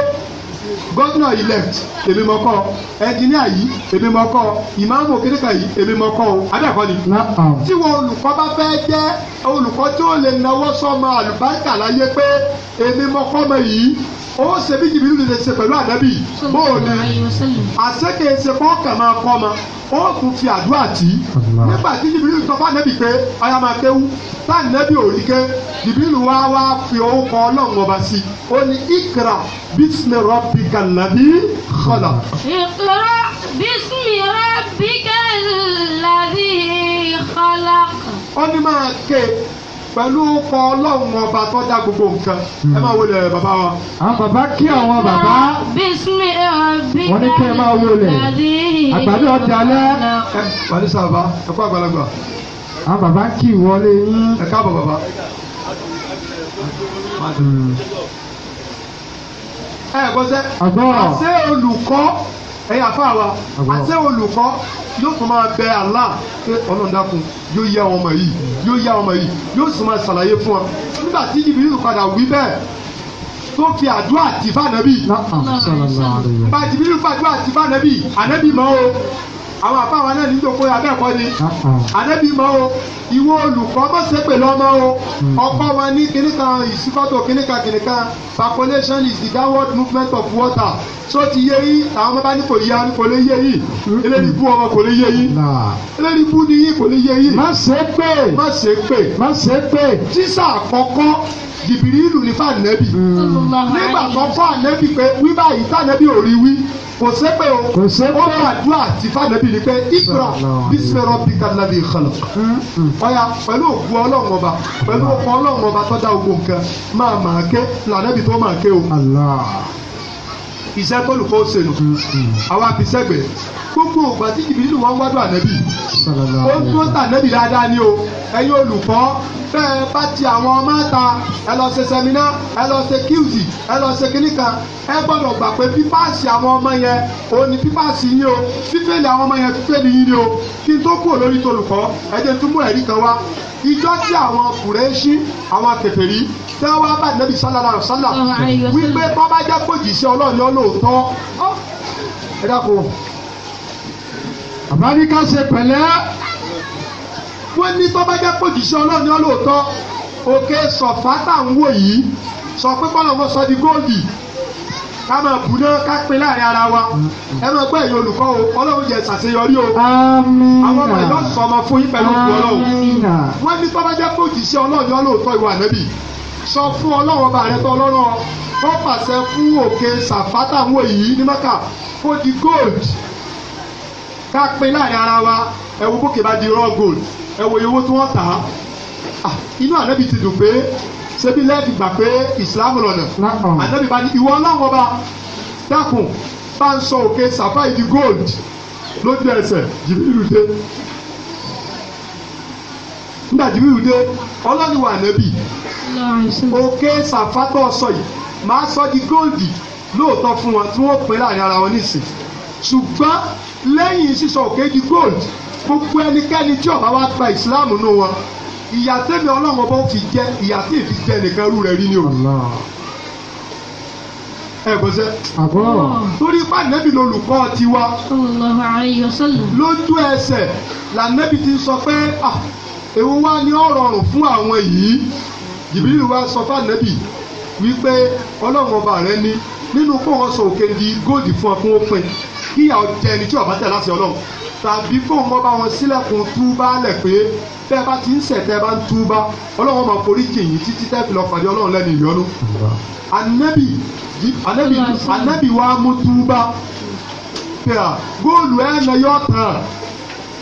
gómìnà yìí left èmi mọ kọ́ ẹnjìníà yìí èmi mọ kọ́ ìmáàmù kékeré yìí èmi mọ kọ́ o adẹ́kọ́ ni. Um, tí wọn olùkọ́ bá fẹ́ jẹ́ olùkọ́ tí ó lè nawọ́ sọ́mọ àlùbáríkà láyé pé èmi mọ́kọ́ mọ yìí ó ṣe bí jìbìlì lè ṣe pẹ̀lú ànábì bóò ni àṣekè ṣe kọ́ kà máa kọ́ ma ó tún fi àdúrà tì í nígbà tí jìbìlì sọ fún ànábì pé ọyà máa kéwú tá ànábì ò ké jìbìlì wá wá fi orúkọ ọlọ́run ọba sí i ó ní ikra bísí rọ́bì kàlàbí kọ́là. ikra bísí rọ́bì kàlàbí kọ́là. ó ní máa ké pẹ̀lú kọ ọlọ́run ọba tó dá gbogbo nǹkan ẹ máa wọlé bàbá wa. àwọn bàbá kí àwọn bàbá wọ́n ní kí ẹ máa wọlé àgbàdo ọjà lẹ́. ẹ wà ní sábà ẹ kó àgbàlagbà. àwọn bàbá kì í wọlé. ẹ káàbọ̀ bàbá. Hmm. ẹ gbọ́dọ̀ àṣẹ olùkọ́ ẹ̀yin àfáà wa àti olùkọ́ yóò tún máa bẹ Allah pé ọlọ́run dákun yóò yá ọmọ yìí yóò yá ọmọ yìí yóò sì máa ṣàlàyé fún ọ nígbà tí Jibril padà wí bẹ́ẹ̀ tó fi àdúrà tì fún ànábì. bá Jibril gbàdúrà tì fún ànábì ànábì mọ́ o àwọn àfáwọn náà níjókòó abẹ́ẹ̀kọ́ ni uh-uh. àdẹ́bí mọ́ o ìwọ olùkọ́ mọ̀ ṣe pẹ̀lú ọmọ o hmm. ọkọ wọn ní kìnìkan ìsíkọ́tò kìnìkan kìnìkan circulation is the downward movement of water so ti yé yín àwọn ọmọ ní kò yá kò lè yé yín hmm. eléyìí bú ọmọ kò lè yé yín eléyìí bú ni yín kò lè yé yín. má ṣe pé má ṣe pé má ṣe pé tíṣà àkọ́kọ́ jìbìrì ìlú ní fàánẹ́bì hmm. nígbà tó fàánẹ́bì pé wíwá yìí fàánẹ́bì ò rí wí kò sépè o kò sépè o gbàdúrà àti fànàbí ni pé ikra bisimilọ bí kanabi xalọ. ọ̀ya pẹ̀lú ògùn ọlọ́run ọba pẹ̀lú ọkọ̀ ọlọ́run ọba tó dá ogun nǹkan máa máa ké lànàbí tó máa ké o. iṣẹ́ tó lù kó o sèlú àwa fi sẹ́gbẹ̀ẹ́ gbogbo ògbà tí jìbìtì wọn gbádùn ànábì ó ń tó tànábì dáadáa ni o ẹ̀yin olùkọ́ bẹ́ẹ̀ bá ti àwọn ọmọ ta ẹ lọ ṣe sẹminá ẹ lọ ṣe kíùtì ẹ lọ ṣe kíní kan ẹ gbọ́dọ̀ gbà pé pípàsì àwọn ọmọ yẹn òun ni pípàsì yín o fífẹ́lì àwọn ọmọ yẹn fífẹ́lì yín ni o kí n tó kúrò lórí tolùkọ́ ẹ jẹ́ túmọ̀ ẹ̀rí kan wá ìjọ tí àwọn kùrẹ́ṣí àwọn kèfèrí tí wọ́n wá bá nẹ́bí sálàlá sálà wípé bọ́ bá jẹ́ kó jìṣẹ́ ọlọ́ọ̀ni ọlọ́ọ̀tọ́ ẹ dákun bàbá ní ká ṣe pẹ̀lẹ́ wọ́n ní tó bá jẹ́ pòjìṣẹ́ ọlọ́ọ̀ni ọlọ́ọ̀tọ́ òkè sọ̀fà tá à ń wò yìí sọ pé bọ́lá wọn sọ di góòlì ká máa bù náà ká pin láàrin ara wa ẹ máa gbọ́ ẹ̀yin olùkọ́ o ọlọ́run jẹ́ ṣàṣeyọrí o àwọn ọmọ ìlú sọmọ fún yín pẹ̀lú òkú ọlọ́run wọ́n ní tó bá jẹ́ pòjìṣẹ́ ọlọ́ọ̀ni ọlọ́ọ̀tọ́ ìwà nẹ́bì sọ fún ọlọ́run ọba rẹ tó ọlọ́run ọ pàṣẹ fún òkè sàfátà wọ̀nyí ní mẹ́kà kó di góòlì ká pín láàrin ara wa ẹ wo bókè bá di raw gold ẹ wo iye owó tí wọ́n tà á ah, inú ànábì ti dùn pé ṣebí lẹ́ẹ̀dì gbà pé ìsìlámù lọ́nà ànábì bá ní ìwọ ọlọ́run ọba dákun bá ń sọ òkè sàfà ìdí gold lójú ẹsẹ̀ jìbìrì dé nígbà jìbìrì dé ọlọ́run wà ànábì òkè sàfà tó sọ yìí máa sọ di gold lóòótọ́ fún wọn tí wọ́n pín láàrin ara wọn nísìn ṣùgbọ́n lẹ́yìn sísọ òkè di gold gbogbo ẹnikẹ́ni tí ọ̀bá wa gba ìsìláàmù nù wọn ìyà tẹ́mi ọlọ́run ọba ó fi jẹ́ ìyà tí èfi jẹ́ nìkan rú rẹ̀ rí ni o. ẹ gbọ́ sẹ́. torí ipá nẹ́bí lolùkọ́ tiwa. lójú ẹsẹ̀ la nẹ́bí ti sọ pé ah, èwo wá ní ọ̀rọ̀ ọ̀rùn fún àwọn yìí jìbìrì wa sọ fún ànẹ́bí wípé ọlọ́run ọba rẹ ní nínú kó wọn sọ òkè di góòdì fún ọ fún ó pin kí ọjẹ ẹni tí ọba tẹ láti Ọlọ́run tàbí fóun mọ bá wọn sílẹ̀kùn túbá lẹ pé tẹ bá ti ń ṣẹ̀ tẹ bá ń túbá Ọlọ́run máa forí jìyìn títí tẹ fi lọ pàdé Ọlọ́run lẹni ìyọnu anabi anabi anabi wa mú túbá tẹ à góòlù ẹ nà yọ tàn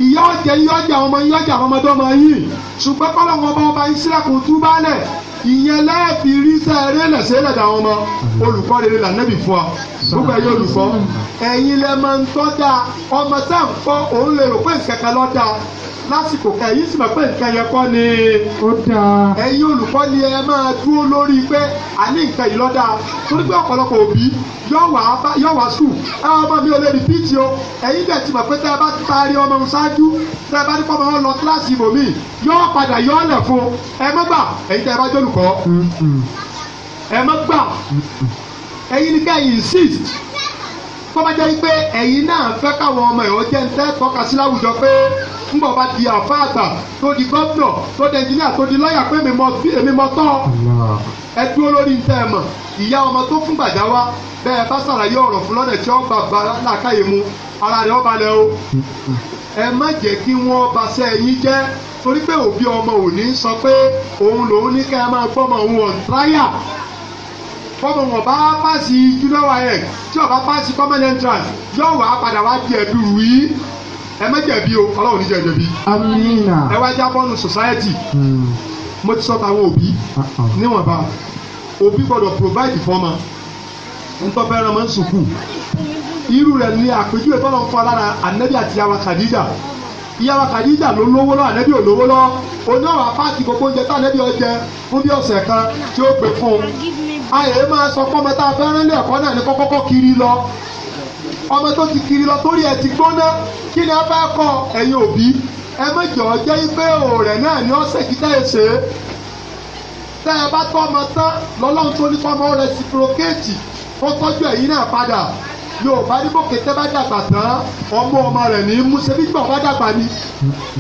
ìyá ọjẹ ìyá ọjẹ àwọn ọmọ ìyá ọjẹ àwọn ọmọdé ọmọ yìí ṣùgbọ́n kọ́lọ́ wọn bá ọba ìsílẹ̀kùn túbá lẹ̀ ìyẹn láàfin rí sáré lẹ̀sẹ̀ lẹ̀dá àwọn ọmọ olùkọ́ rere lànàbì fún ọ gbogbo ẹ̀yin olùkọ́ ẹ̀yin lẹ máa ń tọ́ da ọmọ tá à ń kọ́ òun lè rò pé nǹkan kan lọ́ da lásìkò kan èyí sì mọ̀ pé nǹkan yẹn kọ́ ni. ó dáa. ẹ̀yin olùkọ́ ni ẹ máa dúró lórí pé a ní nǹkan yìí lọ́dà torí pé ọ̀pọ̀lọpọ̀ òbí yọ̀ wá sùn ẹ ọmọ mi ò lè rí píìtì o ẹ̀yin bẹ̀ ti mọ̀ pé tẹ́ ẹ bá ti parí ọmọ òun ṣáájú tẹ́ ẹ bá ní pọ́ lọ kíláàsì ibòmí yọ̀ padà yọ̀ lẹ̀ fún ẹ mọ́ gbà ẹ̀yin tẹ́ ẹ bá jẹ́ olùkọ́ ẹ mọ́ gbà ẹ̀yin ni ká insist kọ́ bá jẹ́ náà fẹ́ káwọn ọmọ ẹ̀ ọ jẹ́ ń tẹ́ tọ́ka sí láwùjọ pé ńgbọ̀ bá di àfa àgbà tó di gọ́fìnà tó di ẹnjìníà tó di lọ́ọ̀yà pé èmi mọ tán ẹ dúró lórí ntẹ́ ẹ mọ̀ ìyá ọmọ tó fún gbàjá wa bẹ́ẹ̀ bá ṣàlàyé ọ̀rọ̀ fún lọ́dẹ̀ tí ó gbà bá làákàyè mu ara rẹ̀ ó balẹ̀ o ẹ má jẹ́ kí wọ́n baṣẹ́ yín jẹ́ torí pé òbí ọmọ ò ní sọ pé òun lòun ní ká ẹ máa fọmọ òun ọ̀n tráyà fọmọ wọn bá pàṣẹ júlọ́wọ́ ẹ̀ tí ọba pàṣẹ common yóò wá padà wá di ẹ̀dùn wí ẹ má jẹ̀bi o ọlọ́run ní jẹ̀bi. amina. ẹ wá jábọ́nu society. Hmm. mo ti sọ táwọn òbí níwọ̀nba òbí gbọ́dọ̀ provide fọ́mọ ntọ́fẹ́ràn máa ń sùkú irú rẹ̀ ni àpèjúwe tọ́lọ̀ ń fọ́ lára ànábì àti yàwá kàdíjà yàwá kàdíjà ló lówó lọ ànábì ò lówó lọ onáwó apáàkì gbogbo oúnjẹ tá ànábì ó jẹ fún bí ọ̀sẹ̀ kan tí ó gbé fún un ayé máa sọ pé ọmọ tá a fẹ́ràn lé ẹ̀kọ́ náà ní kọ́kọ́kọ́ kiri lọ ọmọ tó ti kiri lọ torí ẹ ti gbóná kí ni a bá kọ ẹ̀yin òbí ẹ mẹjọ jẹ́ ife òòrẹ̀ náà ni ó ṣèkí tẹ́ ẹ ṣe tẹ́ ẹ bá tọ́ ọmọ tán lọ́lọ́run tó ní kọ́ ọmọ rẹ sí prokéètì kó tọ́jú ẹ̀yin náà padà yorùbá ní bókè tẹ́ bá dàgbà tán ọmọ ọmọ rẹ̀ ní mú ṣebí gbọ̀ bá dàgbà ni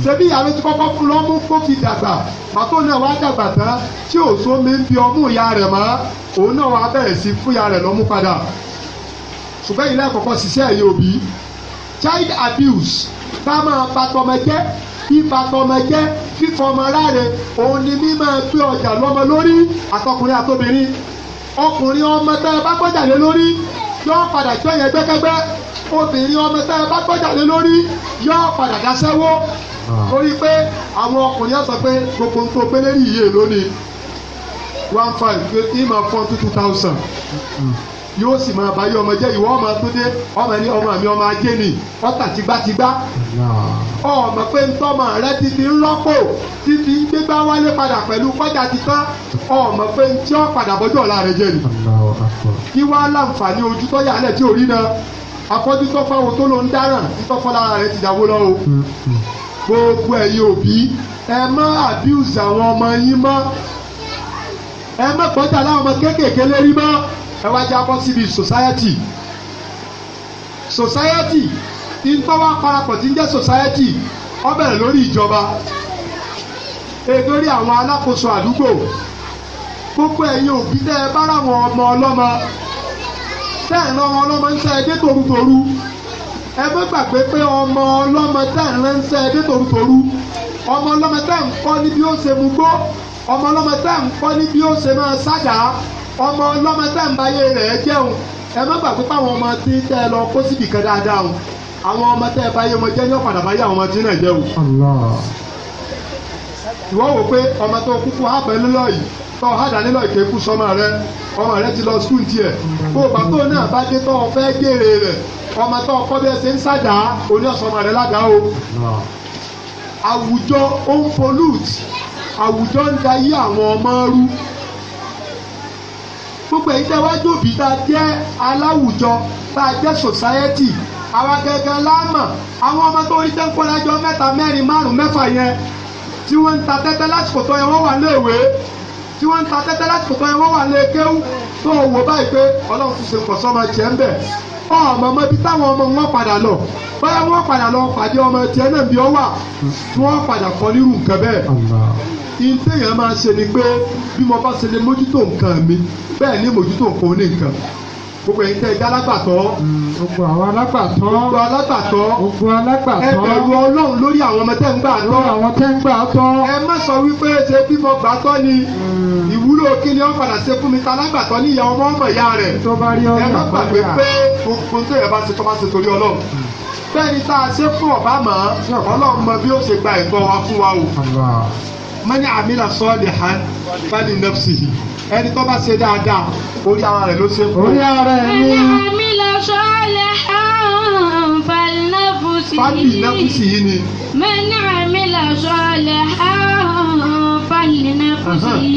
ṣebí ìyàrá ti kọ́kọ́ fún lọ́mú kó fi dàgbà pàtó náà wá dàgbà tán tí òṣó mi ń bi ọmú ìyá rẹ̀ mọ́ òun náà wá bẹ̀rẹ̀ sí fún ìyá rẹ̀ lọ́mú padà ṣùgbọ́n ilé àkọ́kọ́ ṣiṣẹ́ ẹ̀yẹ òbí child abuse ká máa patọmọ jẹ́ bíbatọmọ jẹ́ fífọmọ láre òun ni mí máa gbé ọjà lọ́mọ lórí àtọkùnrin àtobìnrin ọkùnrin ọmọ tá a bá gbọ́jà lé lórí yọ padà jọ yẹn gbẹ́kẹ́gbẹ́ obìnrin ọmọ tá a bá gbọ́jà lé lórí yọ padà dáṣẹ́wó torí pé àwọn ọkùnrin yẹn pé gbogbo nǹkan gbélé yìí lónìí one five ìmọ̀ fún two thousand yóò sì máa bá yí ọmọ jẹ́ ìwọ ọmọ tó dé ọmọ ẹni ọmọ mi ọmọ ajé ni ọ̀tà tìgbàtìgbà ọmọ pé ntọ́mọ rẹ ti fi ń rọ́pò ti fi ń gbégbá wálé padà pẹ̀lú kọjá ti tán ọmọ pé ntí ọ padà bọ́jọ́ ọ̀la rẹ jẹ́ ni kí wá láǹfààní ojú tọ́yà alẹ́ tí ò rí náà afọ́jú tọ́fọ́ wo tó ló ń dáràn títọ́fọ́ lára rẹ ti dàwó lọ́wọ́ hmm, hmm. gbogbo ẹ̀yin òbí ẹ má abuse àwọn ọmọ yín mọ́ ẹ má kọjá ẹ wá jábọ́ síbi society society ìtọ́ wa parapọ̀ tí ń jẹ́ society ó bẹ̀rẹ̀ lórí ìjọba lórí àwọn alákòóso àdúgbò gbogbo ẹ̀yin òbí tẹ́ ẹ bá ráwọn ọmọ ọlọ́mọ tẹ́ ẹ̀ lọ́wọ́ ọlọ́mọ ń sẹ́ ẹ dé torutoru ẹ má gbàgbé pé ọmọ ọlọ́mọ tẹ́ ẹ̀ lọ́ ń sẹ́ ẹ dé torutoru ọmọ ọlọ́mọ tẹ́ ẹ̀ ń kọ́ ní bí ó ṣe mú gbó ọmọ ọlọ́mọ tẹ́ ẹ̀ ń kọ́ ní bí ó ṣe máa ṣáàdá ọmọ ọlọ́mọ tẹ́ rẹ̀ jẹun ẹ má gbàgbé páwọn ọmọ tí tẹ́ lọ kó síbi kan dáadáa o àwọn ọmọ tẹ́ báyé ọmọ jẹ́ ní ọ̀padà báyé àwọn ọmọ tí náà jẹ́ o. ìwọ wò pé ọmọ tó kúkú hábẹ́ nílọ yìí tọ́ hádà nílọ ìkékù sọmọ rẹ ọmọ rẹ ti lọ skul tiẹ̀ kó o bá tó náà bá dé tọ́ ọ fẹ́ gèrè rẹ̀ ọmọ tó kọ́ bí ẹ ṣe ń sàdáa oní ọ̀sọ́mọ rẹ ládàá o àwùjọ ó ń pollute àwùjọ ń dayé àwọn ọmọ rú gbogbo èyí tẹ́ wá jòbí tá a jẹ́ aláwùjọ tá a jẹ́ sòsáyẹ́tì àwa gẹ́gẹ́ láàmà àwọn ọmọ tó rí tẹ́ńkọ́ lájọ mẹ́ta mẹ́rin márùn mẹ́fà yẹn tí wọ́n ń ta tẹ́tẹ́ lásìkò tó yẹ wọ́n wà léèwé tí wọ́n ń ta tẹ́tẹ́ lásìkò tó yẹ wọ́n wà lé kéwú tó wò báyìí pé ọlọ́run ti ṣe pọ̀ sọ́mọ tiẹ̀ ń bẹ̀ ọmọ ọmọ ibi táwọn ọmọ wọn padà lọ báyà wọn padà lọ pàdé ọmọ tiẹ̀ náà bí ọ wà tí wọ́n padà kọ́ nírú nǹkan bẹ́ẹ̀ ìtẹ̀yàn máa ṣe ni pé bí mo bá ṣe lè mójútó nǹkan mi bẹ́ẹ̀ ni mójútó nǹkan oníkan gbogbo ẹ̀yin tẹ́ ẹ jẹ́ alágbàtọ́. gbogbo àwọn alágbàtọ́. gbogbo alágbàtọ́. gbogbo alágbàtọ́. ẹ bẹ̀rù ọlọ́run lórí àwọn ọmọ tẹ́ ń gbà tọ́. lórí àwọn tẹ́ ń gbà tọ́. ẹ má sọ wípé ṣe bí mo gbà tọ́ ni hmm. ìwúlò kí ni ó padà ṣe fún mi ta alágbàtọ́ ní ìyá ọmọ ọmọ ìyá rẹ̀. tó bá rí ọyàn ẹ má gbàgbé pé gbogbo tó yẹ a ṣe fún ọ̀bá mọ́ ọlọ́run mọ bí ó ṣe gba ẹ̀tọ́ mọ́ni àmìlà sọ́ọ̀lì hàn fẹ́ni nẹ́fṣìhì ẹni tó bá ṣe dáadáa orí ara rẹ̀ ló ṣe kú. orí ara rẹ̀ ni. mọ́ni àmìlà sọ́ọ̀lì hàn fẹ́ni nẹ́fṣìhì. fẹ́ni nẹ́fṣìhì ni. mọ́ni àmìlà sọ́ọ̀lì hàn fẹ́ni nẹ́fṣìhì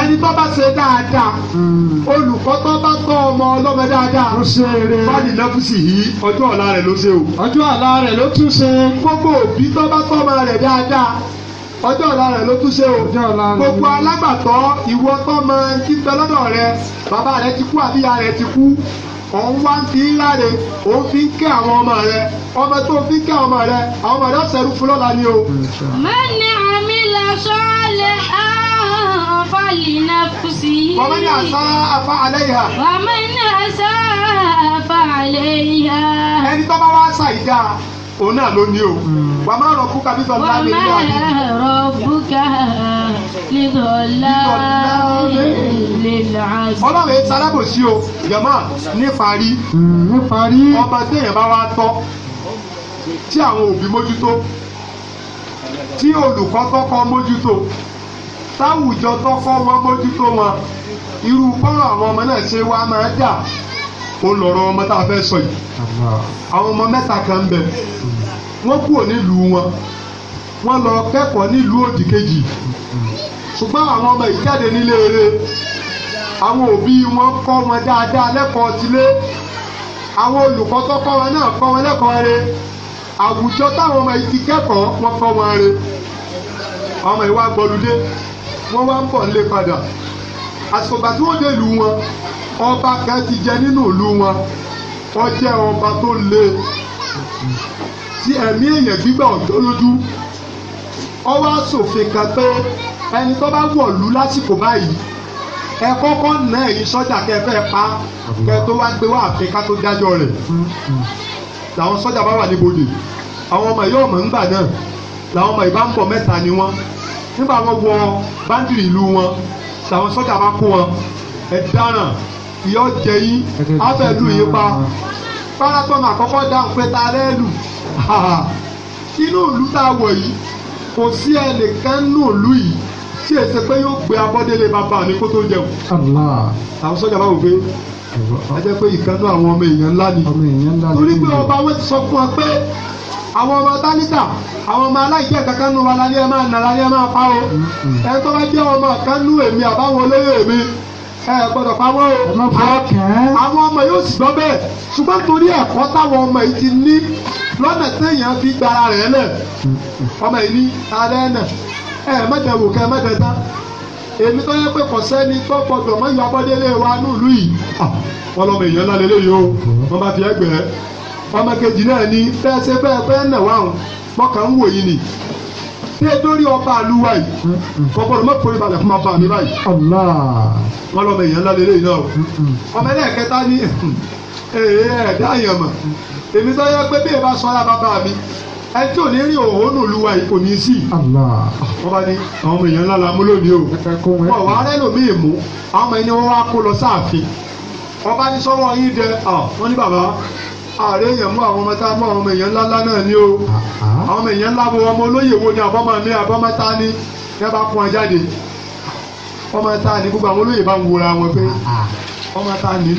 ẹni tó bá ṣe dáadáa hmm. olùkọ́ tó bá tọ́ ọmọ ọlọ́mọ dáadáa ó ṣe eré fáàlì lẹ́fùsì yìí ọjọ́ ọ̀la rẹ̀ ló ṣe o. ọjọ́ ọ̀la rẹ̀ ló tún ṣe. gbogbo òbí tó bá tọ́ ọmọ rẹ̀ dáadáa ọjọ́ ọ̀la rẹ̀ ló tún ṣe o gbogbo alágbàtọ́ ìwọ tó mọ títẹ lọ́dọ̀ rẹ bàbá rẹ ti kú àbíyá rẹ ti kú òun wá ń láre òun fi ń kẹ́ àwọn ọmọ rẹ ọmọ tó fi ń kẹ́ ọmọ rẹ àwọn ọmọ rẹ ọ̀sẹ̀rú fún lọ́la ni o. mẹ́ni àmì làṣọ́ọ̀lẹ̀ àǹfààní náà kù sí. wàmẹ́ ní àṣà àfa àlẹ́ ìhà. wàmẹ́ ní àṣà àfa àlẹ́ ìhà. ẹni tó bá wá ṣàìdá òun náà ló ní hmm. o wà má rọ kúkà bí sọlá mi lọ. wà má rọ kúkà bí sọlá mi lọ. ọlọ́run èyí sálábòsí o jọ̀mọ́ níparí. Hmm, níparí. ọba téèyàn bá wá tọ́ tí àwọn òbí mójútó tí olùkọ́ tọ́kọ́ mójútó táwùjọ tọ́kọ́ wọn mójútó wọn irú kọ́rọ̀ àwọn ọmọ náà ṣe wá máa dà òun lọ̀rọ̀ ọmọ tá a fẹ́ sọ àwọn ọmọ mẹta kan ń bẹ wọ́n kúrò nílùú wọn wọ́n lọ kẹ́kọ̀ọ́ nílùú òdì kejì ṣùgbọ́n àwọn ọmọ yìí jáde nílé eré àwọn òbí wọn kọ wọn dáadáa lẹ́kọ̀ọ́ tilé àwọn olùkọ́ tó kọ́ wọn náà kọ́ wọn lẹ́kọ̀ọ́ rẹ̀ àwùjọ táwọn ọmọ yìí ti kẹ́kọ̀ọ́ wọn kọ wọn rẹ̀ ọmọ yìí wá wọn wọ́n wá ń bọ̀ nílé padà àsìkò ìgbà tí dé ìlú wọn ọba kan ti jẹ nínú ìlú wọn wọ́n jẹ́ ọba tó le tí ẹ̀mí èèyàn gbígbà ọ̀dọ́ lójú ọwọ́ aṣòfin kan pé ẹni tó bá wọ̀lú lásìkò báyìí ẹ kọ́kọ́ ná ẹ̀yin sọ́jà kẹ́ ẹ fẹ́ pa kẹ́ ẹ tó wá gbé wá àfin ká tó dájọ́ rẹ̀ làwọn sọ́jà bá wà níbodè àwọn ọmọ yóò mọ̀ ńgbà náà làwọn ọmọ ìbá ń bọ̀ mẹ́ta ni wọ́n nígbà wọn wọ báńdìrì ìlú wọn làwọn sọ́jà bá kó wọn ẹ dáràn ìyá ọ̀jẹ̀ yín abẹ́lú yín pa parapọ́nù àkọ́kọ́ dáhùn pé ta lẹ́lù inú ìlú tá a wọ̀ yìí kò sí ẹnìkan nù ìlú yìí tí èsì pé yóò gbé abọ́délé bàbá mi kó tó jẹun. àwọn sọ́jà bá wò pé ẹ jẹ́ pé ìkànnú àwọn ọmọ èèyàn ńlá ni torí pé ọba wọn ti sọ fún wa pé àwọn ọmọ tálítà àwọn ọmọ aláìjẹ kankan nù wa lálẹ́ ẹ máa nà lálẹ́ ẹ máa pa o ẹ tó bá jẹ́ ọmọ kan nù èmi àbáwọn olóyè mi ẹ gbọ́dọ̀ pamọ́ o. ẹ má fọwọ́ kẹ́. àwọn ọmọ yóò sì gbọ́ bẹ́ẹ̀ ṣùgbọ́n torí ẹ̀kọ́ táwọn ọmọ yìí ti ní lọ́nà téèyàn fi gba ara rẹ̀ lẹ̀ ọmọ yìí ní ara ẹ̀ náà ẹ mẹ́tẹ̀ wò kẹ́ mẹ́tẹ̀ tán èmi tó yẹ pé kò sẹ́ni tó gbọdọ̀ mọ́ ìyá bọ́délé wa nílùú yìí ah, wọ́n lọ́mọ èèyàn ńlá lélẹ́yìí o wọ́n bá fi ẹgbẹ́ ọmọ kejì náà ní bẹ́ẹ̀ ṣe bẹ́ẹ̀ bẹ́ẹ̀ náà wà tẹ́ ẹ dórí ọba àlùwà yìí kọ́kọ́rọ́ mọ́ pòrí balẹ̀ fún ma bá mi báyìí. wọ́n lọ́mọ èèyàn ńlá lélẹ́yìn náà ọmọ ẹlẹ́ẹ̀kẹta ní ẹ̀ẹ́dá yẹn mọ̀ èmi tó yẹ pé bí ẹ bá sọ ọ́ bàbá mi ẹ tí ò ní rí òhónú olúwa kò ní sí. wọ́n bá ní àwọn ọmọ èèyàn ńlá la mú lónìí o wọ́n wá rẹ́lòmíì mú àwọn ọmọ ẹni wọ́n wá kó lọ sáàfin ọba ní sọ́wọ́ yín dẹ wọ́n ní bàbá ààrẹ èèyàn mú àwọn ọmọ mú ọmọ èèyàn ńláńlá náà ní o àwọn ọmọ èèyàn ńlá wo ọmọ olóyè wo ni àbọ́mọ mi àbọ́mọ tá a ní ẹ bá fún ọ jáde ọmọ tá gbogbo àwọn olóyè bá ń wura wọn pé ọmọ ọba ní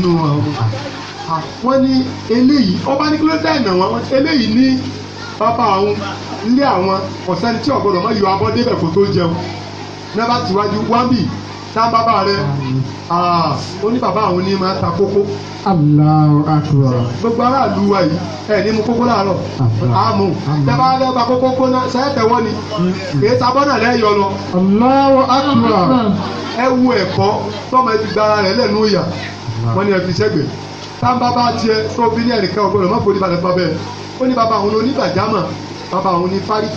wọn eléyìí ní bàbá àwọn ilé àwọn ọ̀sẹ́ni tí ọ̀gbọ́dọ̀ yọ kó tó jẹun bá tiwájú ṣá bàbá rẹ ó àwọn ní máa ta kókó. Allahu akbar. gbogbo aráàlú wa yìí ẹ ní mu kókó láàárọ̀ àmú dábàá lẹ́gbà kókó kóná sẹ́tẹ̀wọ́ ni kì í sabọ́ náà lẹ́yọ lọ. Allahu akbar. ẹ wu ẹ̀kọ́ tọ́mọ ẹ ti gba ara rẹ lẹ́nu ìyà wọ́n ní ẹ fi ṣẹ́gbẹ̀ bá tiẹ̀ tó bí ní ẹnìkan ọgbọ́dọ̀ mọ́ forí balẹ̀ bá bẹ́ẹ̀ àwọn onígbàjámọ̀ bàbá àwọn onífárífárí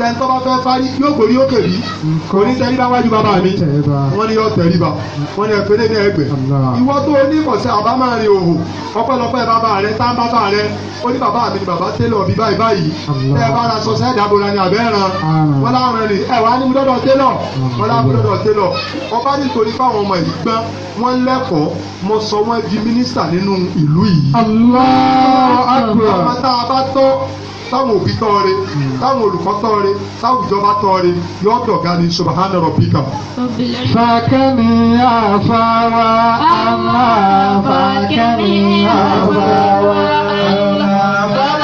sẹ́ńtọ́ bá fẹ́ parí yóò gbòrí yóò kèrí mm. kò ní tẹríba wájú bàbá mi wọ́n ní yọ tẹríba wọ́n ní ẹ̀fẹ́ lẹ́nu ẹgbẹ́ ìwọ tó ní ìkọ̀sẹ́ àbá máa rin òhò ọpẹ́lọpẹ́ bàbá rẹ tá bàbá rẹ ó ní bàbá mi ni bàbá télọ̀ bí báyìí báyìí ẹ bá ra sọ sẹ́ẹ̀dá bora ni àbẹ́ ẹ̀ràn wọ́n láwọn rẹ̀ ẹ wàá ní múdọ́dọ̀ télọ̀ wọ́n láwọn múdọ́dọ̀ wọ́n lẹ́kọ̀ọ́ mo sọ wọ́n di mínísítà nínú ìlú yìí. Allah akbar. tá a bá tọ́ táwọn òbí tọ́ re táwọn olùkọ́ tọ́ táwọn ìjọba tọ́ re dọ̀gá ni subahana rabbika. fàkẹ́mi àfàwà àmà fàkẹ́mi àfàwà àmà.